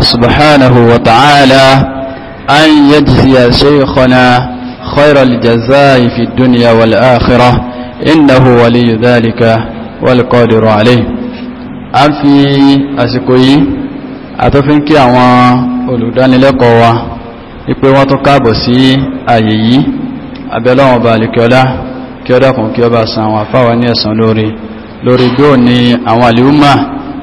سبحانه وتعالى أن يجزي شيخنا خير الجزاء في الدنيا والآخرة إنه ولي ذلك والقادر عليه أفي أسكوي أتفنك كي أوان أولودان لقوة ipe wọn tó káàbọ̀ sí ààyè yìí abẹ́lọ́wọ̀n bá alìkọ́lá kí ọdá kùn kí ọba sàn àwọn àfáwà ní ẹ̀sàn lórí lórí gbóò ni àwọn àlìúmà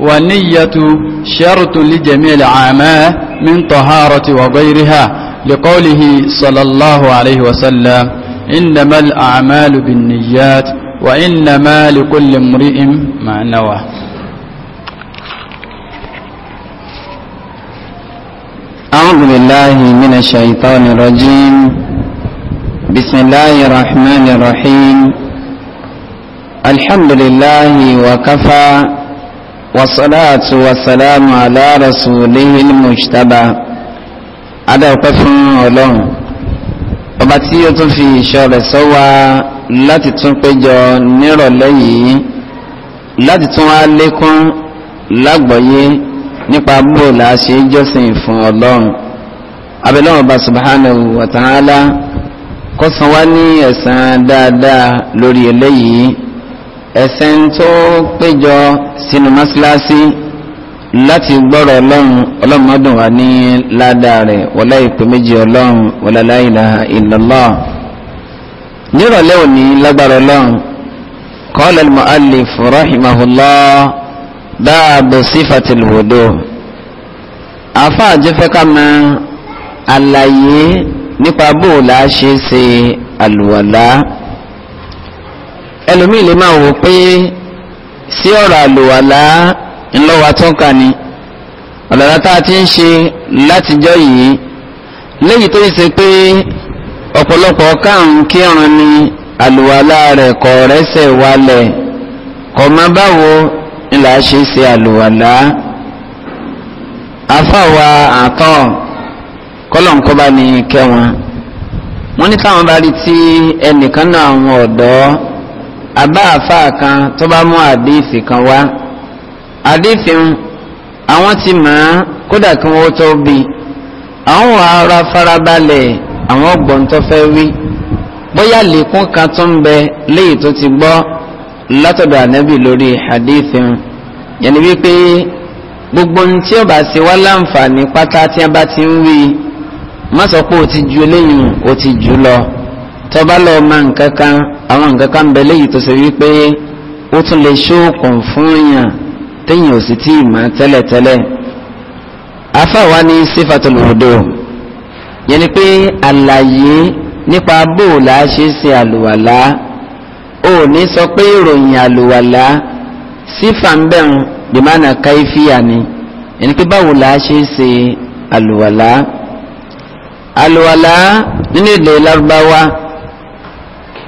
والنية شرط لجميع العامة من طهارة وغيرها لقوله صلى الله عليه وسلم إنما الأعمال بالنيات وإنما لكل امرئ ما نوى أعوذ بالله من الشيطان الرجيم بسم الله الرحمن الرحيم الحمد لله وكفى والصلاة والسلام على رسوله المجتبى adẹ́ọ̀pẹ́ fún ọlọ́run ọba tí ó tún fi ìṣọ́ rẹ̀ sọ wá láti tún péjọ nírọ̀lẹ́ yìí láti tún wá lékún lágbọ̀yé nípa bó la ṣe jọ́sìn fún ọlọ́run abẹ́lọ́run ọba subhanahu wa ta'ala ní ẹ̀san dáadáa lórí eléyìí ẹ̀sẹ̀n tó péjọ sínú mọ́síláṣí láti gbọ́rọ̀ ọlọ́run ọlọ́mọdún wa ní ládàá rẹ̀ wọlé ìpè méjì ọlọ́run wọlé la ilaha illallah nírọ̀lẹ́ òní lágbára ọlọ́run qala al-mu'allif rahimahullah báàbò sífàtì lòdò àfa àjẹfẹ́ká mọ àlàyé nípa bóòlà ṣe ṣe àlùwàlá ẹlòmíì lè máa wò pé sí ọ̀rọ̀ àlùwàlá ńlọ́wà tọ́ka ni ọ̀làlá tá a ti ń ṣe látijọ́ yìí léyìí tó ń ṣe pé ọ̀pọ̀lọpọ̀ káàrún kírun ni àlùwàlá rẹ̀ kọ̀ rẹ́sẹ̀ wálẹ̀ kọ̀ má báwo ńlá ṣe ṣe àlùwàlá afáwa àtọ̀ kọ́lọ̀ǹkọ́ba ni kẹwọn wọ́n ní káwọn bá rí tí ẹnìkan náà àwọn ọ̀dọ́ àbá àfáà kan tó bá mú àdéhìfì kan wá àdéhìfì àwọn ti mọ̀ ọ́n kódà kí wọ́n tó bí àwọn wà ara farabalẹ̀ àwọn ọgbọ̀n tó fẹ́ wí bóyá lèkún kan tó ń bẹ léyìí tó ti gbọ́ látọ̀dọ̀ ànábì lórí àdéhìfì yẹn wípé gbogbo ohun tí ó ṣe wá láǹfààní pátá tí a bá ti ń wí má sọ ti ju eléyìí o ti jù lọ tọba lọ ma nǹkan kan àwọn nǹkan kan bẹ léyìí tó ṣe wípé ó tún lè ṣókùn fún èèyàn téèyàn ò sì tí ì mọ̀ tẹ́lẹ̀tẹ́lẹ̀ afáwa ní sífàtúlù odò yẹn ni pé àlàyé nípa bóòlà ṣe ṣe àlùwàlá ò ní sọ pé ìròyìn àlùwàlá sífà ń bẹ̀rùn bìmánà káífìyà ni yẹn ni pé báwo là á ṣe ṣe àlùwàlá àlùwàlá nínú èdè lárúbáwá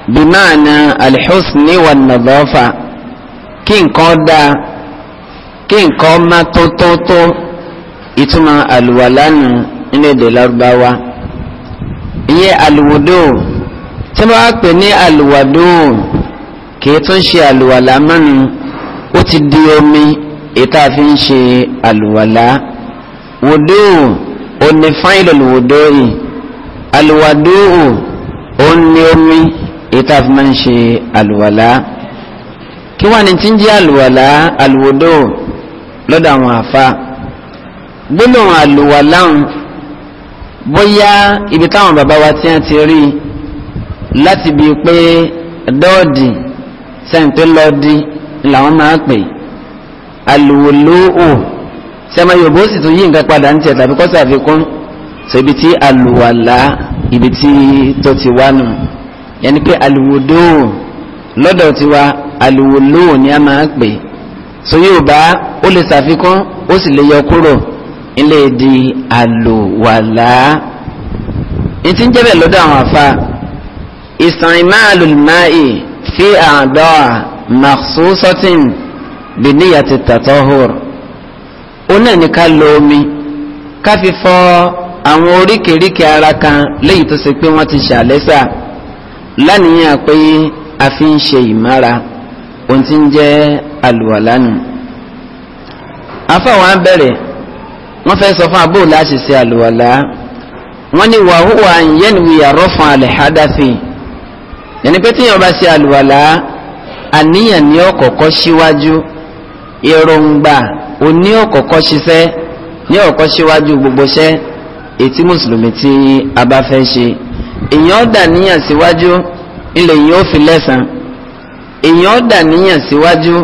bimaana alḥusni wa nadọfa kí nǹkan dáa kí nǹkan má tótótó ìtumọ̀ àlùwàlánu nílẹ̀ èdè lárúbáwá ìyẹn àlùwòdó tí wọ́n á pè ní àlùwàdó kìí tún ṣe àlùwàlá mọ́nu ó ti di omi ètò àfi ń ṣe àlùwàlá wòdó òní fáìlì wòdó yìí àlùwàdó òní omi ìta fi máa ń ṣe àlùwàlá kí wà ní tí ń jẹ́ àlùwàlá àlùwòdó lọ́dọ̀ àwọn àfa gbólóhùn àlùwàlá ń bóyá ibi táwọn bàbá wa tí wọ́n ti rí láti bíi pé dọ́ọ̀dì sẹ́ǹpé lọ́ọ̀dì làwọn máa pè àlùwòlóò sẹ́mi yorùbá ó sì tún yí nǹkan padà ń tiẹ̀ tàbí kọ́sà àfikún tó ibi tí àlùwàlá ibi tí tó ti wá nù yẹni pé aluwudu lọ́dọ̀ tiwa aluwudu ni a máa pè so yóò bá ó lè ṣàfikún ó sì lè yọ kúrò ilé di aluwàlá etí ń jẹ́bẹ̀ lọ́dọ̀ àwọn afa ìsànmáàlùmáì fi àdọ́ màṣúṣọ́tìn bìníyà ti tàtọ́hùr ó náà ní ká lo omi ká fi fọ àwọn oríkèéríkèé ara kan léyìí tó ṣe pé wọ́n ti ṣàlẹ́sà lánìyàn pé a fi ń ṣe ìmára ohun tí ń jẹ́ àlùwàlánù afáwọn abẹ́rẹ̀ wọ́n fẹ́ sọ fún abó láti ṣe àlùwàlá wọ́n ní wàhùwà yẹ́nìwì àrọ́fún alẹ́ hádàfẹ́ yẹnni pé tíyẹn bá ṣe àlùwàlá àníyàn ní ọ̀kọ̀ọ̀kọ́ síwájú èròǹgbà òní ọ̀kọ̀ọ̀kọ́ ṣiṣẹ́ ní ọ̀kọ̀ọ̀kọ́ síwájú gbogbo ṣẹ́ ètí mùsùlùmí tí a bá fẹ́ ṣe èèyàn dà níyàn síwájú ilẹ̀ yìí ó fi lẹ́sàn èèyàn dà níyàn síwájú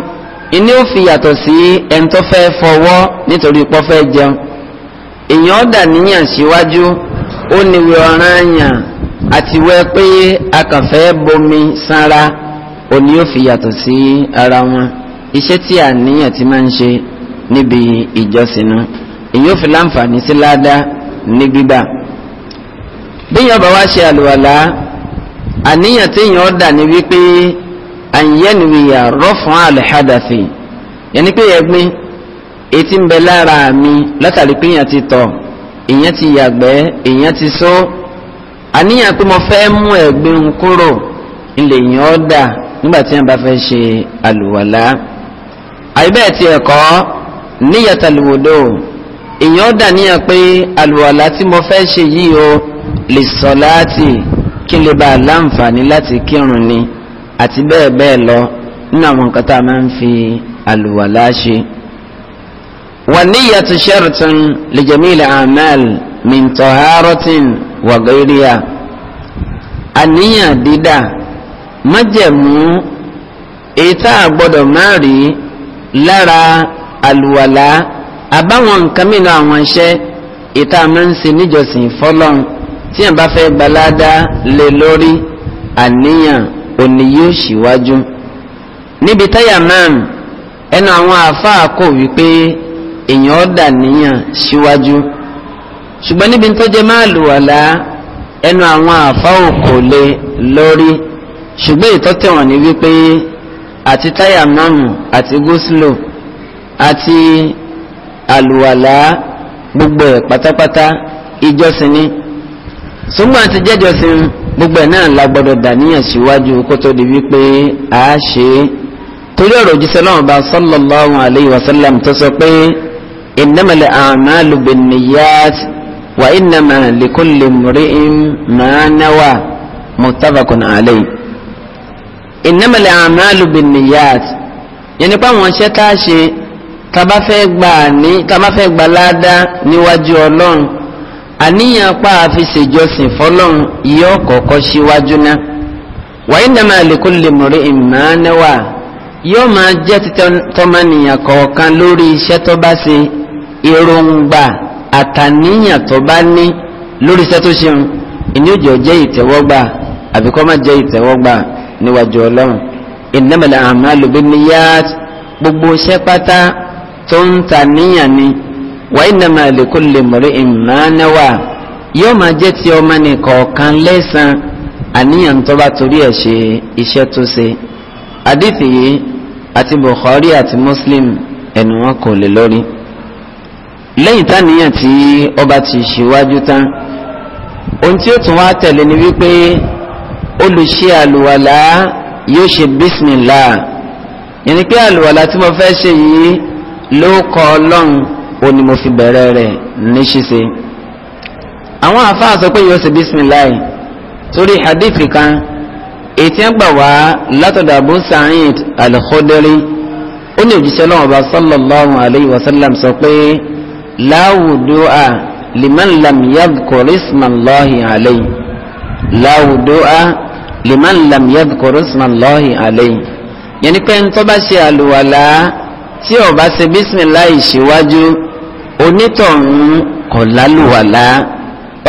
ilé ó fi yàtọ̀ sí ẹni tó fẹ́ fọwọ́ nítorí pọ́ fẹ́ jẹun èèyàn dà níyàn síwájú ó níwèé ọ̀ràn yàn àti wẹ́ pé akànfẹ́ bomi sanra òní ó fi yàtọ̀ sí ara wọn iṣẹ́ tí àníyàn ti máa ń ṣe níbi ìjọsìn náà èyí ó fi láǹfààní sí ládàá ní gbígbà bíyàn bá wá ṣe àlùwàlá àníyàn téèyàn ọ̀dà ni wípé àyẹ̀nìwìyà rọ́fún àlùhádàfì yẹn ni pé ẹ̀gbin etí ń bẹ lára mi látàrí pé èèyàn ti tọ̀ èèyàn ti yàgbẹ́ èèyàn ti só àníyàn pé mo fẹ́ mú ẹ̀gbin kúrò ilé èèyàn ọ̀dà nígbà tí wọ́n bá fẹ́ ṣe àlùwàlá àyíbẹ̀ ti ẹ̀kọ́ níyàtàlùwòdò èèyàn ọ̀dà níyàn pé àlùwàlá tí mo fẹ́ ṣe yìí o lìsọ̀láàtì kí lè bá a láǹfààní láti kírun ni àti bẹ́ẹ̀ bẹ́ẹ̀ lọ nínú àwọn nǹkan tá a máa ń fi àlùwàlá ṣe. والنية شرط لجميع الأعمال من طهارة وغيرها àníyàn dídá májẹ̀mú èyí tá a gbọ́dọ̀ máa rí lára àlùwàlá àbáwọn nǹkan mìíràn àwọn iṣẹ́ èyí máa ń ṣe níjọsìn fọ́lọ́run tí yàn bá fẹ́ gbalada lé lórí àníyàn òní yóò ṣíwájú níbi táyà náà ẹnu àwọn àáfàá kò wípé èèyàn ọ̀dà níyàn ṣíwájú ṣùgbọ́n níbi tó jẹ́ máa lù wàlá ẹnu àwọn àáfàá òkò lé lórí ṣùgbọ́n ìtọ́tẹ̀wọ̀n ni wípé àti táyà náà àti gúúsùlò àti àlùwàlá gbogbo ẹ̀ pátápátá ìjọsìn ni sùgbọ́n àti jẹ́jọ́sìn gbogbo ẹ̀ náà la gbọ́dọ̀ dàníyàn síwájú kó tó di wípé a ṣe é torí ọ̀rọ̀ òjíṣẹ́ náà bá sallallahu alayhi wa sallam tó sọ pé innamal a'malu binniyat wa innama likulli imri'in ma nawa muttafaqun alayhi innamal a'malu yẹn nípa àwọn iṣẹ́ tá ṣe tá bá fẹ́ gbà ládàá níwájú ọlọ́run àníyàn pa àfisèjọsìn fọlọ́n yíyọ kọ̀ọ̀kọ́ síwájú náà wàyí nàmà likulli mri'in ma nawa yóò máa jẹ́ tọ́mọnìyàn kọ̀ọ̀kan lórí iṣẹ́ tó bá ṣe èròǹgbà àtàníyàn tó bá ní lórí iṣẹ́ tó ṣeun ìní òjò jẹ́ ìtẹ́wọ́gbà àbíkọ́ má jẹ́ ìtẹ́wọ́gbà níwájú ọlọ́run innamal a'malu binniyat gbogbo iṣẹ́ pátá tó ń ta ni wa innama li kulli mri'in ma nawa yóò máa jẹ́ ti ọmọ nìkọ̀ọ̀kan lẹ́sàn àníyàn tó bá torí ẹ̀ ṣe iṣẹ́ tó ṣe àdìtì yìí àti Bukhari àti Muslim ẹnu wọn kò lè lórí lẹ́yìn táníyàn tí ọba ti ṣíwájú tán ohun tí ó tún wá tẹ̀lé ni wípé olùṣe àlùwàlá yóò ṣe bísmìlá yẹn ni pé àlùwàlá tí mo fẹ́ ṣe yìí ló kọ ọlọ́run ó ní mo fi bẹ̀rẹ̀ rẹ̀ ní ṣíṣe àwọn àfáà sọ pé yóò ṣe bísímìláì torí hadithi kan ètí ẹ gbà wá látọ̀dọ̀ Abu Sa'id al-Khudri ó ní òjíṣẹ́ lọ́wọ́ bá sallallahu alayhi wa sallam sọ pé la wudu'a liman lam yadhkur ismallahi alayhi la wudu'a liman lam yadhkur ismallahi alayhi yẹn ni pé ń tó bá ṣe àlùwàlá tí ó ṣe bísímìláì síwájú onítọ̀hún kò lálùwàlá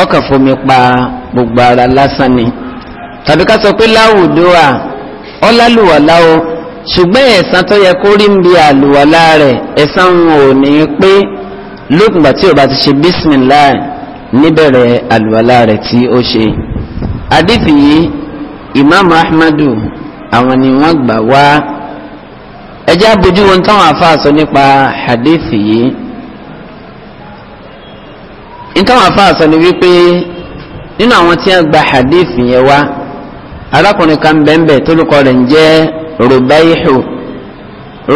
ọkàn fomi pa gbogbo ara lásán ni tàbí ká sọ pé láwùjọ à ọ lálùwàlá o ṣùgbọ́n ẹ̀san tó yẹ kó rí ń bi àlùwàlá rẹ̀ ẹ̀san wọn ò ní pé lókùngbà tí ó bá ti ṣe bísímìlá níbẹ̀rẹ̀ àlùwàlá rẹ̀ tí ó ṣe àdìfì yìí ìmáàmù ahmadu àwọn ni wọ́n gbà wá ẹjẹ́ abojú wọn táwọn afáàsọ nípa àdìfì yìí nítawọn afáàsọ ni wípé nínú àwọn tí wọ́n gba hadith yẹn wá arákùnrin kan bẹ́ẹ̀nbẹ́ẹ̀ tólùkọ́ rẹ̀ ń jẹ́ rubaihu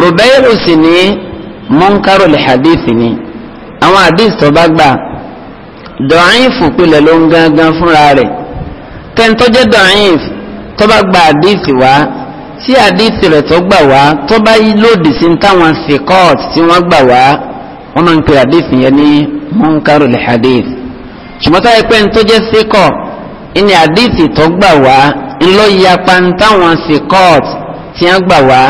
rubaihu sì ní munkarul hadith ni àwọn hadith tó bá gbà dọ̀ọ́yìnfù pilẹ̀ ló ń gángan fúnra rẹ̀ kẹ́ńtọ́jẹ́ dọ̀ọ́yìnfù tó bá gba hadith wá tí àdìsí rẹ̀ tó gbà wá tó bá lòdì sí táwọn sikọ́ọ̀tì tí wọ́n gbà wá wọ́n máa ń pe àdìsí yẹn ní munkaru li hadith ṣùgbọ́n táyà pé ní tó jẹ́ síkọ̀ ní àdìsí tó gbà wá ńlọ yapa ń táwọn síkọ́ọ̀t tí wọ́n gbà wá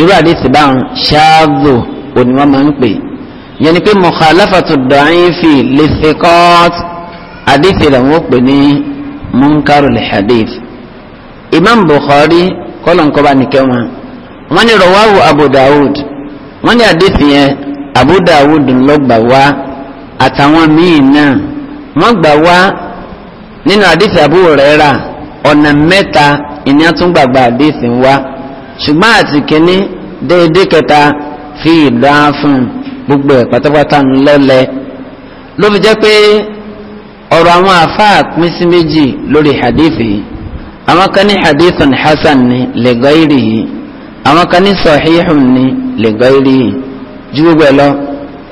irú àdìsí báwọn ṣáàdù òní wọ́n máa ń pè yẹn ni pé mukhalafatu da'ifi li síkọ́ọ̀t àdìsí làwọn ó pè ní munkaru li hadith imam bukhari kọ́lọ̀nkọ́ba nìkẹ́ wọn wọ́n ní rawahu abu dawud wọ́n ní àdìsí yẹn abu dawud ló gbà wá àtàwọn míì náà wọ́n gbà wá nínú àdìsí Abu Huraira ọ̀nà mẹ́ta ìní àtúngbàgbà àdìsí wa ṣùgbọ́n àti kínní déédé kẹta fi ìdá fún gbogbo ẹ̀ pátápátá ńlọ́lẹ̀ ló fi jẹ́ pé ọ̀rọ̀ àwọn àfáà pín sí méjì lórí hadith yìí àwọn kan ní hadithun hasan ní li ghairihi àwọn kan ní sahihun ní li ghairihi ju gbogbo ẹ̀ lọ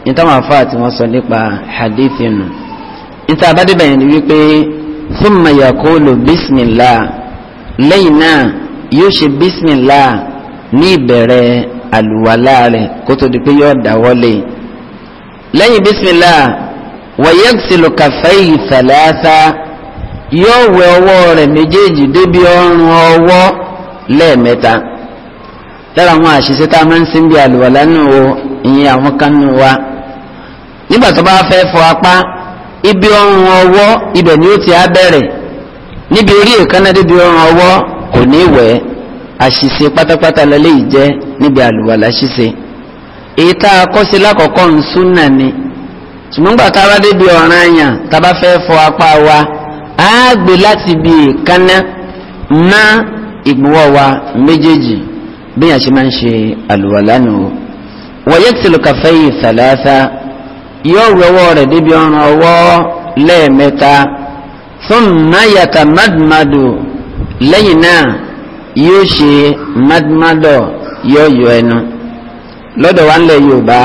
nítawọn afọ àti wọn sọ nípa hadithi nù níta abádébẹ̀ yẹn ni wípé thumma yaqulu bismillah lẹ́yìn náà yóò ṣe bismillah ní ìbẹ̀rẹ̀ àlùwàlá rẹ̀ kó tó di pé yóò dáwọ́lé lẹ́yìn bismillah wa yaghsilu kaffayhi thalatha yóò wẹ ọwọ́ rẹ̀ méjèèjì débi ọrùn ọwọ́ lẹ́ẹ̀mẹ́ta lára àwọn àṣìṣe tá a máa ń sin bí àlùwàlá nù o ìyẹn àwọn kan nù wa nígbà tó bá fẹ́ fọ apá ibi ọrùn ọwọ́ ibẹ̀ ni ó ti á bẹ̀rẹ̀ níbi orí èékánná débi ọrùn ọwọ́ kò ní wẹ̀ àṣìṣe pátápátá lọ́lẹ́ yìí jẹ́ níbi àlùwàlà ṣíṣe èyí tá a kọ́ sí lákọ̀ọ́kọ́ ń súnà ni ṣùgbọ́n tá a bá débi ọ̀ràn àyàn tá a bá fẹ́ fọ apá wa á gbé láti ibi èékánná má ìgbọ̀nwọ́ wa méjèèjì bí yàn ṣe máa ń ṣe àlùwàlà nù wọ́n yẹ́ tìlù yìí sàlàáfà yóò wẹwọ́ rẹ̀ débi ọrùn ọwọ́ lẹ́ẹ̀mẹ́ta fún mayata madmado lẹ́yìn náà yóò ṣe madmado yóò yọ ẹnu lọdọ wa le yorùbá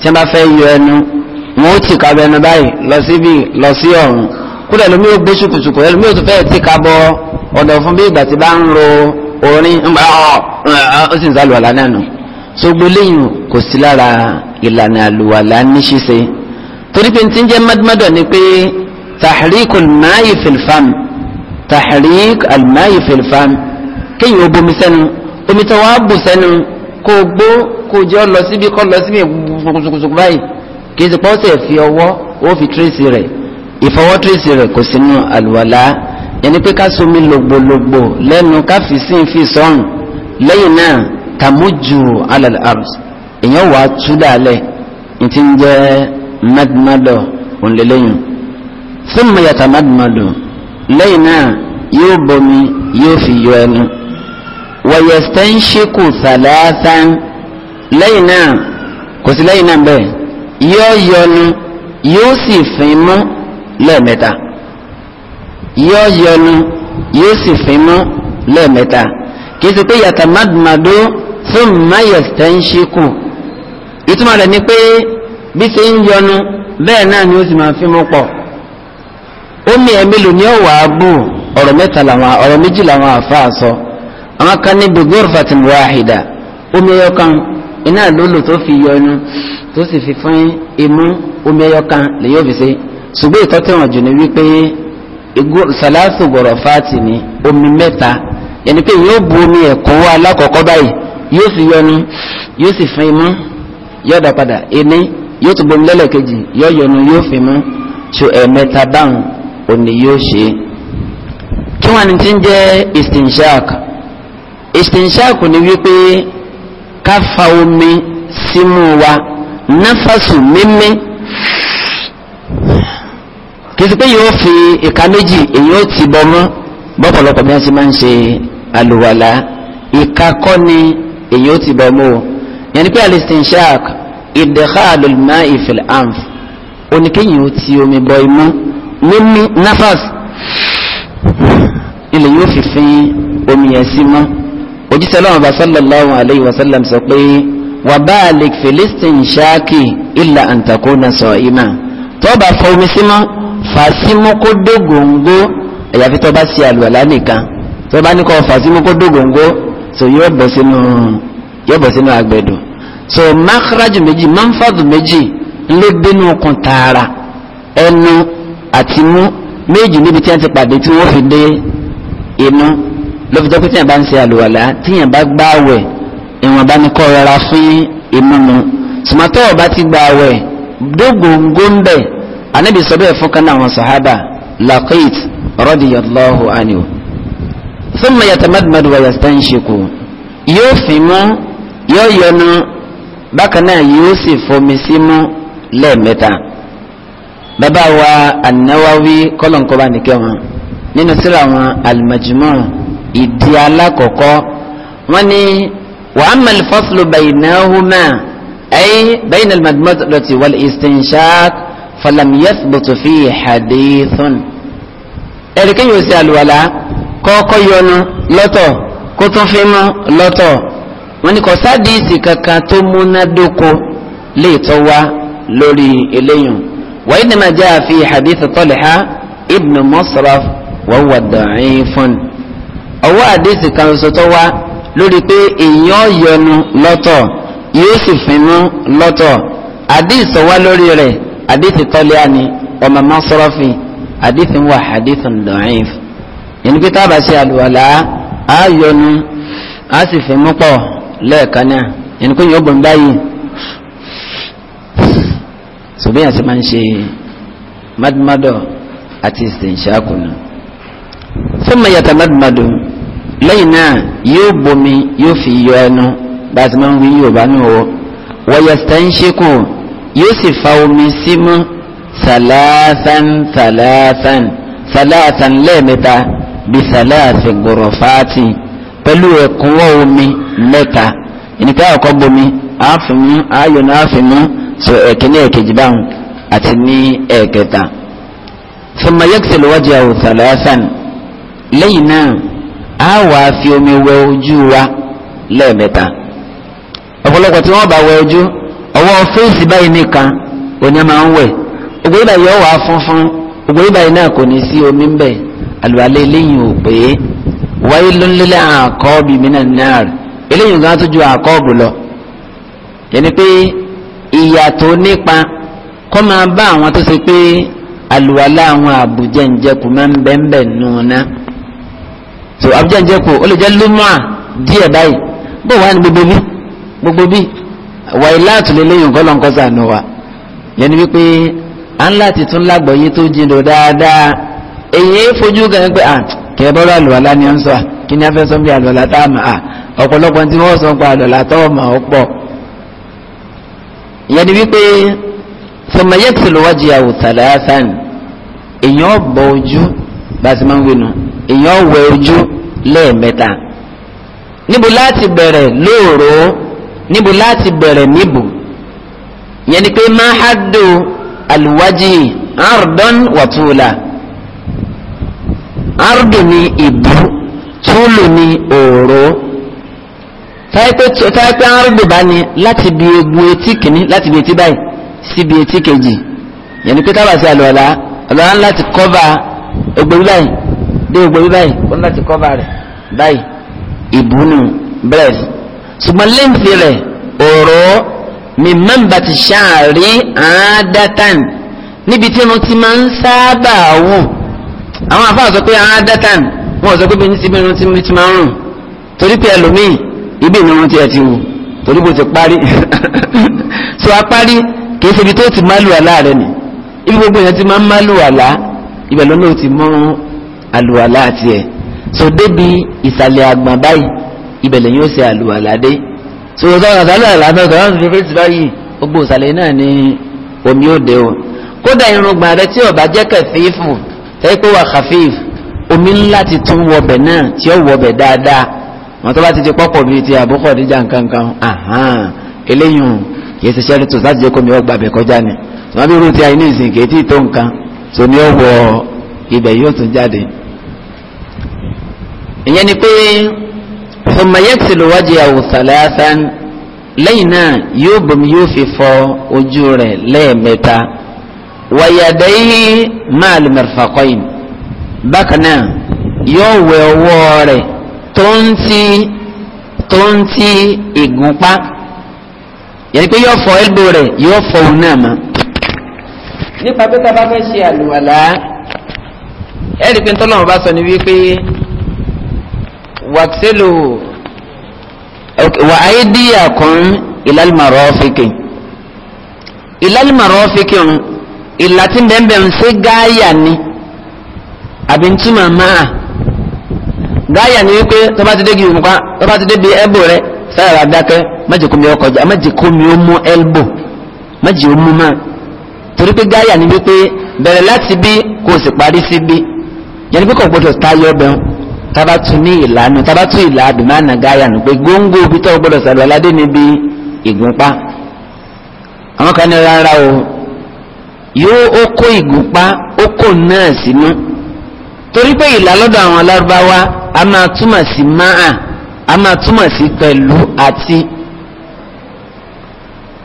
tí wọ́n bá fẹ yọ ẹnu wọn ó tì kábọ̀ ẹnu báyìí lọ síbi lọ sí ọ̀run ó gbé ṣùkùṣùkù ó tún tì fún bí ìgbà tí bá ń ro orin ó sì ń ìlànà àlùwàlà ní ṣíṣe torí pé tí ń jẹ́ madmadọ̀ ni pé tahrik almayi filfam tahrik almayi filfam kéyìn ó bomi sẹ́nu omi tó wàá bù sẹ́nu kó gbó kó jẹ́ lọ síbi kọ́ lọ síbi kùsùkùsùkù báyìí kì í ṣe pọ́sẹ̀ fi ọwọ́ ó fi tírèsì rẹ̀ ìfọwọ́ tírèsì rẹ̀ kò sínú àlùwàlà yẹni pé ká somi lògbòlògbò lẹ́nu ká fi sọ́run lẹ́yìn náà tàmójú alàlẹ́ àrùsì èèyàn wà á tú dàlẹ̀ ní ti ń jẹ́ madmado òǹlẹ́lẹ́yìn fún mayata madmado lẹ́yìn náà yóò bomi yóò fi yọ ẹnu wọ̀yẹ̀stẹ́ńṣíkù sàlásán lẹ́yìn náà kò sí lẹ́yìn náà bẹ́ẹ̀ yóò yọnu yóò sì fín mú lẹ́ẹ̀mẹ́ta yóò yọnu yóò sì fín mú lẹ́ẹ̀mẹ́ta kì í ṣe pé yàtà madmado fún mayẹ̀stẹ́ńṣíkù ìtumọ̀ rẹ̀ ni pé bí ti ń yọnu bẹ́ẹ̀ náà ni ó sì máa fi mú pọ̀ omi ẹ̀mí lò ní ọ̀wà abú ọ̀rọ̀ mẹ́ta làwọn ọ̀rọ̀ méjì làwọn àfáà sọ àwọn kan ní bigurfatin wahida omi ẹyọ kan iná lólo tó fi yọnu tó sì fi fún imú omi ẹyọ kan lè yóò fi ṣe ṣùgbọ́n ìtọ́ tẹ̀wọ̀n jù ní wípé sàlásù ni omi mẹ́ta yẹnni pé yóò bu omi ẹ̀kọ́ alákọ̀ọ́kọ́ báyìí yóò fi yọnu yóò sì fún imú yóò dá padà ẹni yóò tún gbomi lẹ́lẹ̀kejì yóò yọnu yóò fi mú tu ẹ̀mẹ́ta báwọn òní yóò ṣe. kí wọ́n ní ti ń jẹ́ istinshak istinshak ni wípé ká omi símú wa náfàsù mímí kì í sì pé yóò fi ìka méjì èyí ó ti bọ́ mú bọ́pọ̀lọpọ̀ bí wọ́n ti máa ń ṣe àlùwàlá ìka kọ́ ni èyí ó ti bọ́ mú o yẹn ni pé alistinshaq idkhal alma'i fil anf oníkéyìn ó ti omi bọ imú mímí nafas ilẹ̀ yóò fi fin omi yẹn sí mọ́ òjíṣẹ́ lọ́wọ́ bá sallallahu alayhi wa sallam sọ pé wà báàlìk filistinshaqi illa an takuna sa'ima tó bá fọ omi sí mọ́ fàásímú kó dé gòǹgó àyàfi àlùwàlá nìkan tó ní kọ́ fàásímú kó dé yóò bọ̀ sínú yóò bọ̀ sínú agbẹ̀dùn so makhraj méjì manfadu méjì ló dénú okùn tààrà ẹnu àti mú méjì níbi tí wọ́n ti pàdé tí wọ́n fi dé inú ló fi jẹ́ pé tíyàn bá ń ṣe àlùwàlá tíyàn bá gbá àwẹ̀ ìwọ̀n bá ní kọ́ rárá fún inú mu sùmọ́tọ́ ọba ti gba àwẹ̀ dógóńgó ń bẹ̀ anábì sọ bẹ́ẹ̀ fún kan àwọn sàhábà laqit radiyallahu anhu yóò fi mú yóò yọnu bákan náà yóò sì fomi símú lẹ́ẹ̀mẹ́ta bàbá wa anáwáwí kọ́lọ̀nkọ́ba nìkẹ́ wọn nínú síra wọn al-Majmu' ìdí alákọ̀ọ́kọ́ wọn ni wa amma al-faslu baynahuma ay bayna al-madmadati wal-istinshaq falam yathbutu fi hadithun ẹ̀ríkẹ́ yóò ṣe àlùwàlá kọ́kọ́ yọnu lọ́tọ̀ kó tún lọ́tọ̀ wọ́n ní kò sádìsì kankan tó múnádóko lè tọ́ wá lórí eléyìn wàyí ni màá jẹ́ àfi hadith Talha ibn Musraf wa huwa da'ifun ọwọ́ àdìsì kan sọ́tọ́ wá lórí pé èèyàn yọnu lọ́tọ̀ yóò sì fínú lọ́tọ̀ àdìsì wá lórí rẹ̀ àdìsì Talha ni ọmọ Musrafi àdìsì wà àdìsì da'if yẹn ni pé tábà ṣe àlùwàlá á yọnu á sì fínú pọ̀ lẹ́ẹ̀kan náà ẹni pé yóò bọ̀ ń báyìí ṣùgbọ́n yàtí máa ń ṣe madmadọ àti ìsìnṣàkù náà fẹ́mi yàtà madmadọ lẹ́yìn náà yóò bomi yóò fi yọ ẹnu bá a ti máa ń wí yorùbá náà wọ wọ́yà stanṣẹ́kù yóò sì fa omi símú sàlàsàn sàlàsàn sàlàsàn lẹ́ẹ̀mẹ́ta bí sàlàsì gòròfáàtì. pẹ̀lú ẹ̀kúnwọ́ omi mẹ́ta ìníká ọ̀kọ́ bomi àáfìmú ààyòna àáfìmú sọ ẹ̀kíní ẹ̀kejì báhùn àti ní ẹ̀kẹta thumma yaghsil wajhahu thalathan lẹ́yìn náà a fi omi wẹ ojú wa lẹ́ẹ̀mẹ́ta ọ̀pọ̀lọpọ̀ tí wọ́n bá wẹ ojú ọwọ́ fèsì báyìí nìkan òní máa ń wẹ̀ ògbó ọwọ́ afúnfún ògbó náà kò ní sí omi ń wáyé lónìlẹ̀ àkọ́ọ̀bì mìíràn náà rẹ̀ eléyìí gan tó ju àkọ́ọ̀bù lọ yẹni pé ìyàtọ̀ nípa kọ́ máa bá àwọn tó ṣe pé àlùwalá àwọn àbújá ìjẹkù máa ń bẹ́ńbẹ̀ nù ná so àbújá ìjẹkù ó lè jẹ́ lúmọ́à díẹ̀ báyìí bó wà ní gbogbo bí gbogbo bí wàyí látùlẹ̀ lẹ́yìn nǹkan lọ́nkọ́ sànù wa yẹni wípé à ń láti tún lágbọ̀ọ́yé tó jìnnà dáadáa èyí fojú gan pé à ah, kẹbọ́rọ̀ àlùwàlá ni ó ń sọ kí ní afẹ́ sọ́bí àlùwàlá tá a mọ̀ à ọ̀pọ̀lọpọ̀ tí wọ́n sọ pa àlùwàlá tọ́wọ́ mọ̀ ó pọ̀ ìyẹn ni wípé sọmọyẹ́tì lọ́wọ́jì àwòtàlá sàn èèyàn bọ ojú bá a ti máa ń wí nu wẹ ojú lẹ́ẹ̀mẹ́ta níbo láti bẹ̀rẹ̀ lóòró níbo láti bẹ̀rẹ̀ níbo ìyẹn ni pé máa hádùn àlùwájì àrùdán wàtúùlà ardu ni ìbú túlù ni òòró táyẹ́pẹ́ ardu bá ní láti bí egun etí kìíní láti bí etí báyìí sí bí etí kejì yẹn ni pé tábà sí àlọ́ọ̀lá ọ̀lọ́lá láti kọ́ba egbòrí báyìí dé egbòrí báyìí ó ní láti kọ́ba rẹ̀ báyìí ìbú nù breath ṣùgbọ́n lẹ́ǹfì rẹ̀ òòró mímọ́n bá ti ṣáà rí àádátàn níbi tí wọ́n ti máa ń sábà wù àwọn àfa sọ pé àwọn adátàn wọn sọ pé bí níbi irun ti ti máa ń rùn torí pé ẹlòmíì ibi ìnà wọn ti ẹ̀ ti wù torí bó ti parí so apárí kìí ṣe ibi tó ti máa lù àlá rẹ nì ibi gbogbo yẹn ti máa ń máa lù àlá ibẹ̀ lọ́nà ò ti mọ́ àlùwàlá àti ẹ̀ so débi ìsàlẹ̀ àgbọ̀n báyìí ibẹ̀ lẹ́yìn ó ṣe àlùwàlá dé so ọ̀sán àtàlù àlàáfẹ́ ọ̀sán láti fèsì báyìí gbogbo ìsàlẹ̀ náà ni omi ó dé o kódà irun gbọ̀n tí ó bá tẹ́pẹ́ wà khafif omi ńlá ti tún wọbẹ̀ náà tí ó wọbẹ̀ dáadáa wọn tó bá ti ti pọ́pọ̀ bíi ti àbúkọ̀ díjà nkankan eléyìí kìí ṣe ṣẹ́rí tó láti jẹ́ kómi ọgbà bẹ̀ kọjá ni wọn bí irú ti àyè ní ìsìn kìí tí tó nǹkan tó ní ó wọ ibẹ̀ yóò tún jáde. ìyẹn ni pé thumma yaghsilu wajhahu thalathan lẹ́yìn náà yóò bomi yóò fi fọ ojú rẹ̀ lẹ́ẹ̀mẹ́ta wàyàdẹ́yì máàlì mẹ́rìfàkọ́yìn bákan náà yóò wẹ ọwọ́ rẹ̀ tó ń ti tó ń ti ìgúnpá yẹni pé yóò fọ elbow rẹ̀ yóò fọ òun náà mọ́. nípa pé tábà fẹ́ ṣe àlùwàlá ẹ̀rí pé tọ́lọ́mù bá sọ ní wípé wàtílù wà áyé kan ìlàlùmọ̀rọ̀ fìkì ìlàlùmọ̀rọ̀ fìkì ọ̀hún ìlà tí bẹ́ẹ̀bẹ́ ń ṣe gáyà ni àbí ń túmọ̀ máa gáyà ni wípé tó bá ti dé gígùn pa tó bá ti dé bi elbo rẹ sáyàrá dákẹ́ májèkómi ọkọ̀ jà májèkómi ó mú elbo májè ó mú máa torí pé gáyà ni wípé bẹ̀rẹ̀ láti bí kò sì parí sí bí yẹn pé kò gbọdọ̀ táyọ̀ bẹ́ẹ̀ tába tún ní ìlànà tába tún ìlànà mánà gáyà nù pé góńgó bí tó gbọdọ̀ sàlùwaládé níbi ìgúnpá àwọn kan ní rárá o. yóò ó kó ìgúnpá ó kó náà sínú torí pé ìlà àwọn alárúbáwá a máa túmọ̀ sí a máa túmọ̀ sí pẹ̀lú àti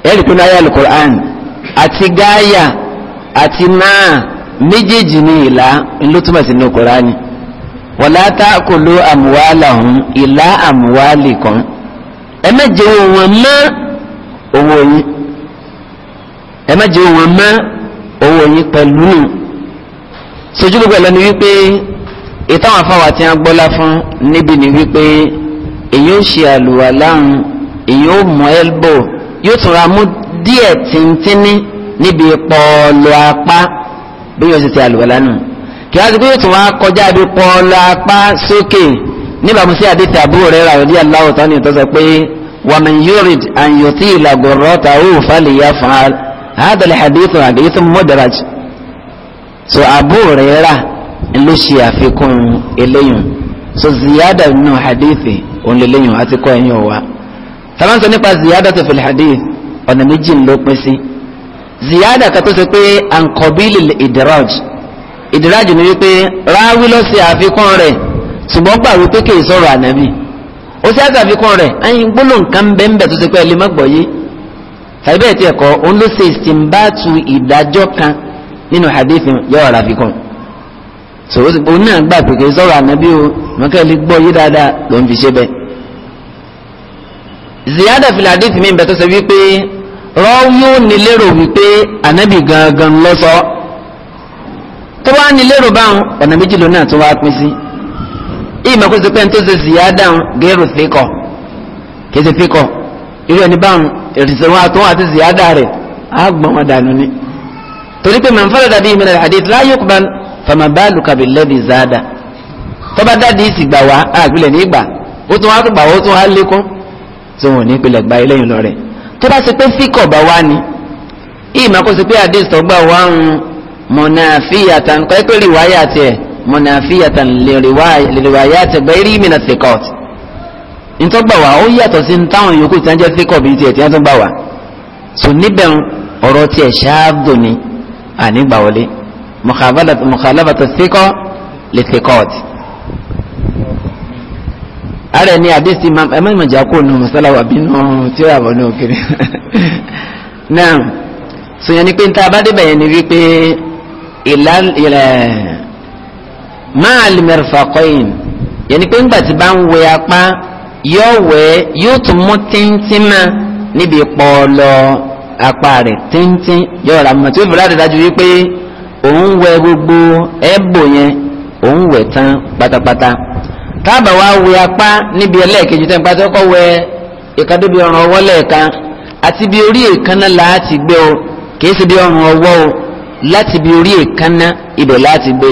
ẹ̀rí pé náà àti gáyà àti náà méjèèjì ní ìlà ló túmọ̀ sí nínú kùránì wala ta'kulu ila amwalikum kan emeje jẹ wọn mọ́ owó yín pẹ̀lú nù sojú gbogbo ẹ̀lọ́ni wípé ìtàwọn afáwà tí a gbọ́lá fún níbi ni wípé èyí ó ṣe àlùwà láhùn èyí ó mọ ẹ́lbò yóò tún ra mú díẹ̀ tíntínní níbi pọ́ọ̀lù apá bí yóò ṣe ti àlùwà lánàá kí wá sí pé yóò tún wá kọjá bí pọ́ọ̀lù apá sókè níbàámu sí àdìsí àbúrò rẹ̀ ràwọ̀dí aláwọ̀ tán ni tó sọ pé wàmí yóò rìd àyòtí ìlàgọ̀rọ̀ tàwọn òfàlìyà fún هذا الحديث حديث مدرج so Abu Hurairah ló ṣe àfikún eléyìn so ziyada nínú hadithi òun lélẹ́yìn àti kọ́ ẹ̀yìn ọ̀wá tàbí sọ nípa ziyada tó fil hadith ọ̀nà méjì ló pín sí ziyada kan tó ṣe pé ankobili idiraj idiraj ni wípé ráwí ló ṣe àfikún rẹ̀ ṣùgbọ́n gbà wípé kì í sọ̀rọ̀ ànábì ó ṣe àfikún rẹ̀ ẹ̀yin gbólóǹkan bẹ́ẹ̀ bẹ́ẹ̀ tó ṣe pé ẹ lè má gbọ́ yìí tàbí bẹ́ẹ̀ tí ẹ̀kọ́ òun ló ṣe ìsìnbátu ìdájọ́ kan nínú hadithi yọ̀ọ́ ràfikún sòwò sí òun náà gbà pèké sọ̀rọ̀ ànábí o mọ̀kẹ́lì gbọ́ yí dáadáa ló ń fi ṣe bẹ́ẹ̀. ziyada fil hadithi mi ń bẹ tó ṣe wípé rọ́ọ̀mù nílérò wípé ànábì gangan ló sọ tó wá nílérò báwọn ọ̀nà méjì lónà tó wá pín sí ìmọ̀kúnṣe ń tó ṣe ziyada gẹ́rù fíkọ̀ kì í ṣe fíkọ̀ irú ẹni bá ìrìnsẹ̀wọ̀n àtún àti ziyada rẹ̀ àgbọ̀n wọn dànù ni torí pé màá fẹ́rẹ̀ dàbí ìmìnira hadith la yuqbal fama baluka billadhi zada tọ́ba dáàdi sì gbà wá àgbélẹ̀ ní ìgbà ó tún wá gbà ó tún wá lékún tó wọn ní ìpìlẹ̀ gba eléyìn lọ rẹ̀ tó bá ṣe pé fíkọ̀ bá wá ni ìmọ̀ kó ṣe pé hadith tó gbà wá ń mọ̀nàfíyàtàn kọ́ ntọ́gbà wa ó yàtọ̀ sí ntáwọn yòókù tí wọ́n jẹ́ fíkọ̀ bíi tiẹ̀ tí wọ́n tún gbà wá so níbẹ̀ ọ̀rọ̀ tiẹ̀ ṣáàbù ni ànígbà wọlé mukhalafatu fíkọ̀ lè fíkọ̀ ọ̀tì. ara ẹni àdéhùn máa ẹ má ìmọ̀ jà kó nù mọ̀sálà wà bínú tí ó yàbọ̀ ní òkèrè náà so ni pé nta bá yẹn ni wípé ìlà máa lè mẹ́rẹ̀fà kọ́yìn yẹn ni pé ńgbà bá ń wẹ apá yóò wẹ̀ yóò tún mú tíntín náà níbi pọ̀ọ̀lọ apá rẹ̀ tíntín yóò rà mọ̀ tí ó fi láti dájú wípé òun wẹ̀ gbogbo ẹ̀bò yẹn òun wẹ̀ tán pátápátá táàbà wá wẹ̀ apá níbi ẹlẹ́ẹ̀kejì tẹ́ nípa tí ó kọ́ wẹ̀ ìkádóbi ọrùn ọwọ́ lẹ́ẹ̀kan àti bí orí èékánná láti gbé o kìí ṣe bí ọrùn ọwọ́ o láti bí orí èékánná ibẹ̀ láti gbé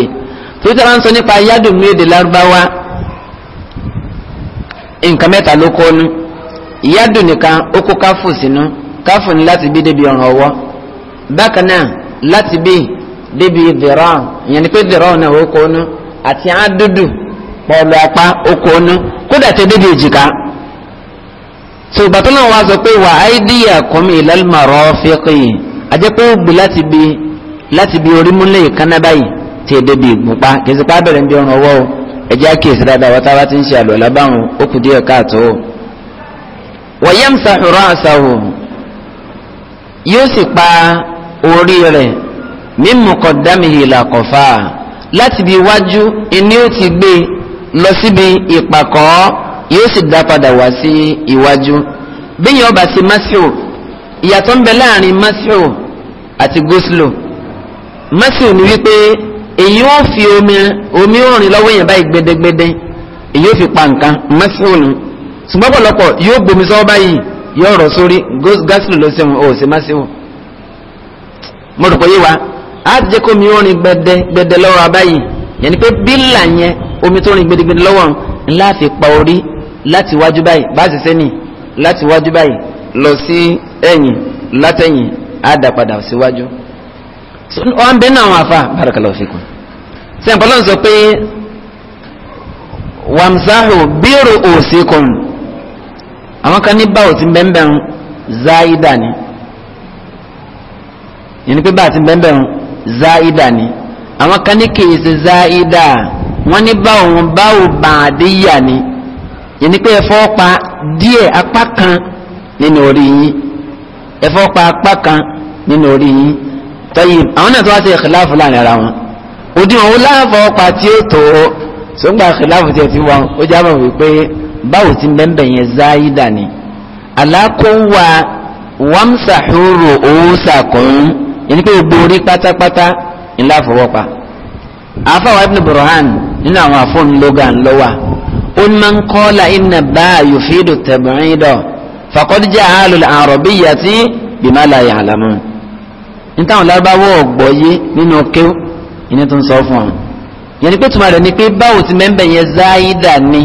torí ń sọ nípa yádùn ní èdè lárúbáwá nǹkan mẹ́ta ló kó nu ìyádùn nìkan ó kó káfù sínú káfù ni láti bí débi ọ̀ràn ọwọ́ bákan náà láti bí débi dìrọ̀ ìyẹn ni pé dìrọ̀ náà ó kó nu àti àdúdù pọ̀lọ̀ apá ó kó nu kódà tẹ débi èjìká tó bàtọ́ náà wá sọ pé wà áìdíyà kọ́mi ìlàlùmọ̀rọ̀ fẹ́kì àjẹpẹ́ ògbì láti bí láti bí orímúlẹ̀ ìkànnà báyìí tẹ débi ìgbùnpá kìí sọ pé abẹ́rẹ́ ń bí ọ̀ràn ọwọ́ o ẹjẹ́ àkíyèsí dáadáa wọ́n táwa ti ń ṣe àlùwàlá báwọn ó kù díẹ̀ káàtó wọ́n yamsahu ra'sahu yóò sì pa orí rẹ̀ min muqaddamihi ila qafa láti bí iwájú ẹni ó ti gbé lọ síbi ìpàkọ́ yóò sì dá padà wá sí iwájú bí ọba sí masiu ìyàtọ̀ ń bẹ láàrin masiu àti goslo masiu ni wípé èyí ó fi omi omi òrìn lọ́wọ́ èèyàn báyìí gbẹdẹgbẹdẹ èyí ó fi pa nǹkan mẹ́sìlù ṣùgbọ́n pọ̀lọpọ̀ yóò gbomi sọ́wọ́ báyìí yóò rọ̀ sórí gásìlù ló sẹ́wọ̀n ó sì mẹ́sìlù. mo rò pé yé wa á ti jẹ́ kó omi òrìn gbẹdẹgbẹdẹ lọ́wọ́ abáyìí yẹn ni pé bílà yẹn omi tó rìn gbẹdẹgbẹdẹ lọ́wọ́ ńlá fi pa orí láti wájú báyìí bá a sì láti wájú báyìí lọ sí ẹ̀yìn látẹ̀yìn á dà padà síwájú. Si wọn bẹ náà wọn afa barakallahu fikum sẹ́ńpọ̀lọ́ sọ pé wàmsáhù bírò òsìkùn àwọn kan ní báwò tí bẹ́ẹ̀bẹ́ẹ̀ záídà ni yẹn ni pé báwò tí bẹ́ẹ̀bẹ́ẹ̀ záídà ni àwọn kan ní kìí ṣe záídà wọ́n ní báwò báwò bàdíyà ni yẹn ni pé ẹ̀fọ́ pa díẹ̀ apá kan nínú orí yín ẹ̀fọ́ pa apá kan nínú orí yín tọ́yìn àwọn náà tó wá sí ìkìláàfù láàrin ara wọn òdi wọn ó láàfọ̀ ọpa tí ó tó o sọ́gbà ìkìláàfù tí ẹ ti wọn ó jábọ̀ wípé báwo ti bẹ́ẹ̀ yẹn záyídà ni alákòówà wàmsàhóró òwúsàkùn yẹn ni pé gbogbo orí pátápátá ńlá fọwọ́pa àfàwà ibn burhan nínú àwọn àfọ̀n lóga ńlọ́wà ó ní máa ń kọ́lá iná bá yòfídò tẹ̀bùrín dọ̀ fàkọ́díjà àlùl àrọ̀bíyà tí bìmá nítawọn lárúbáwọ̀ ọ̀gbọ́yé nínú kéw ìní tó ń sọ fún ọ yẹn ni pé tuma rẹ̀ ni pé báwo ti mẹ́ńbẹ̀ yẹn záídà ni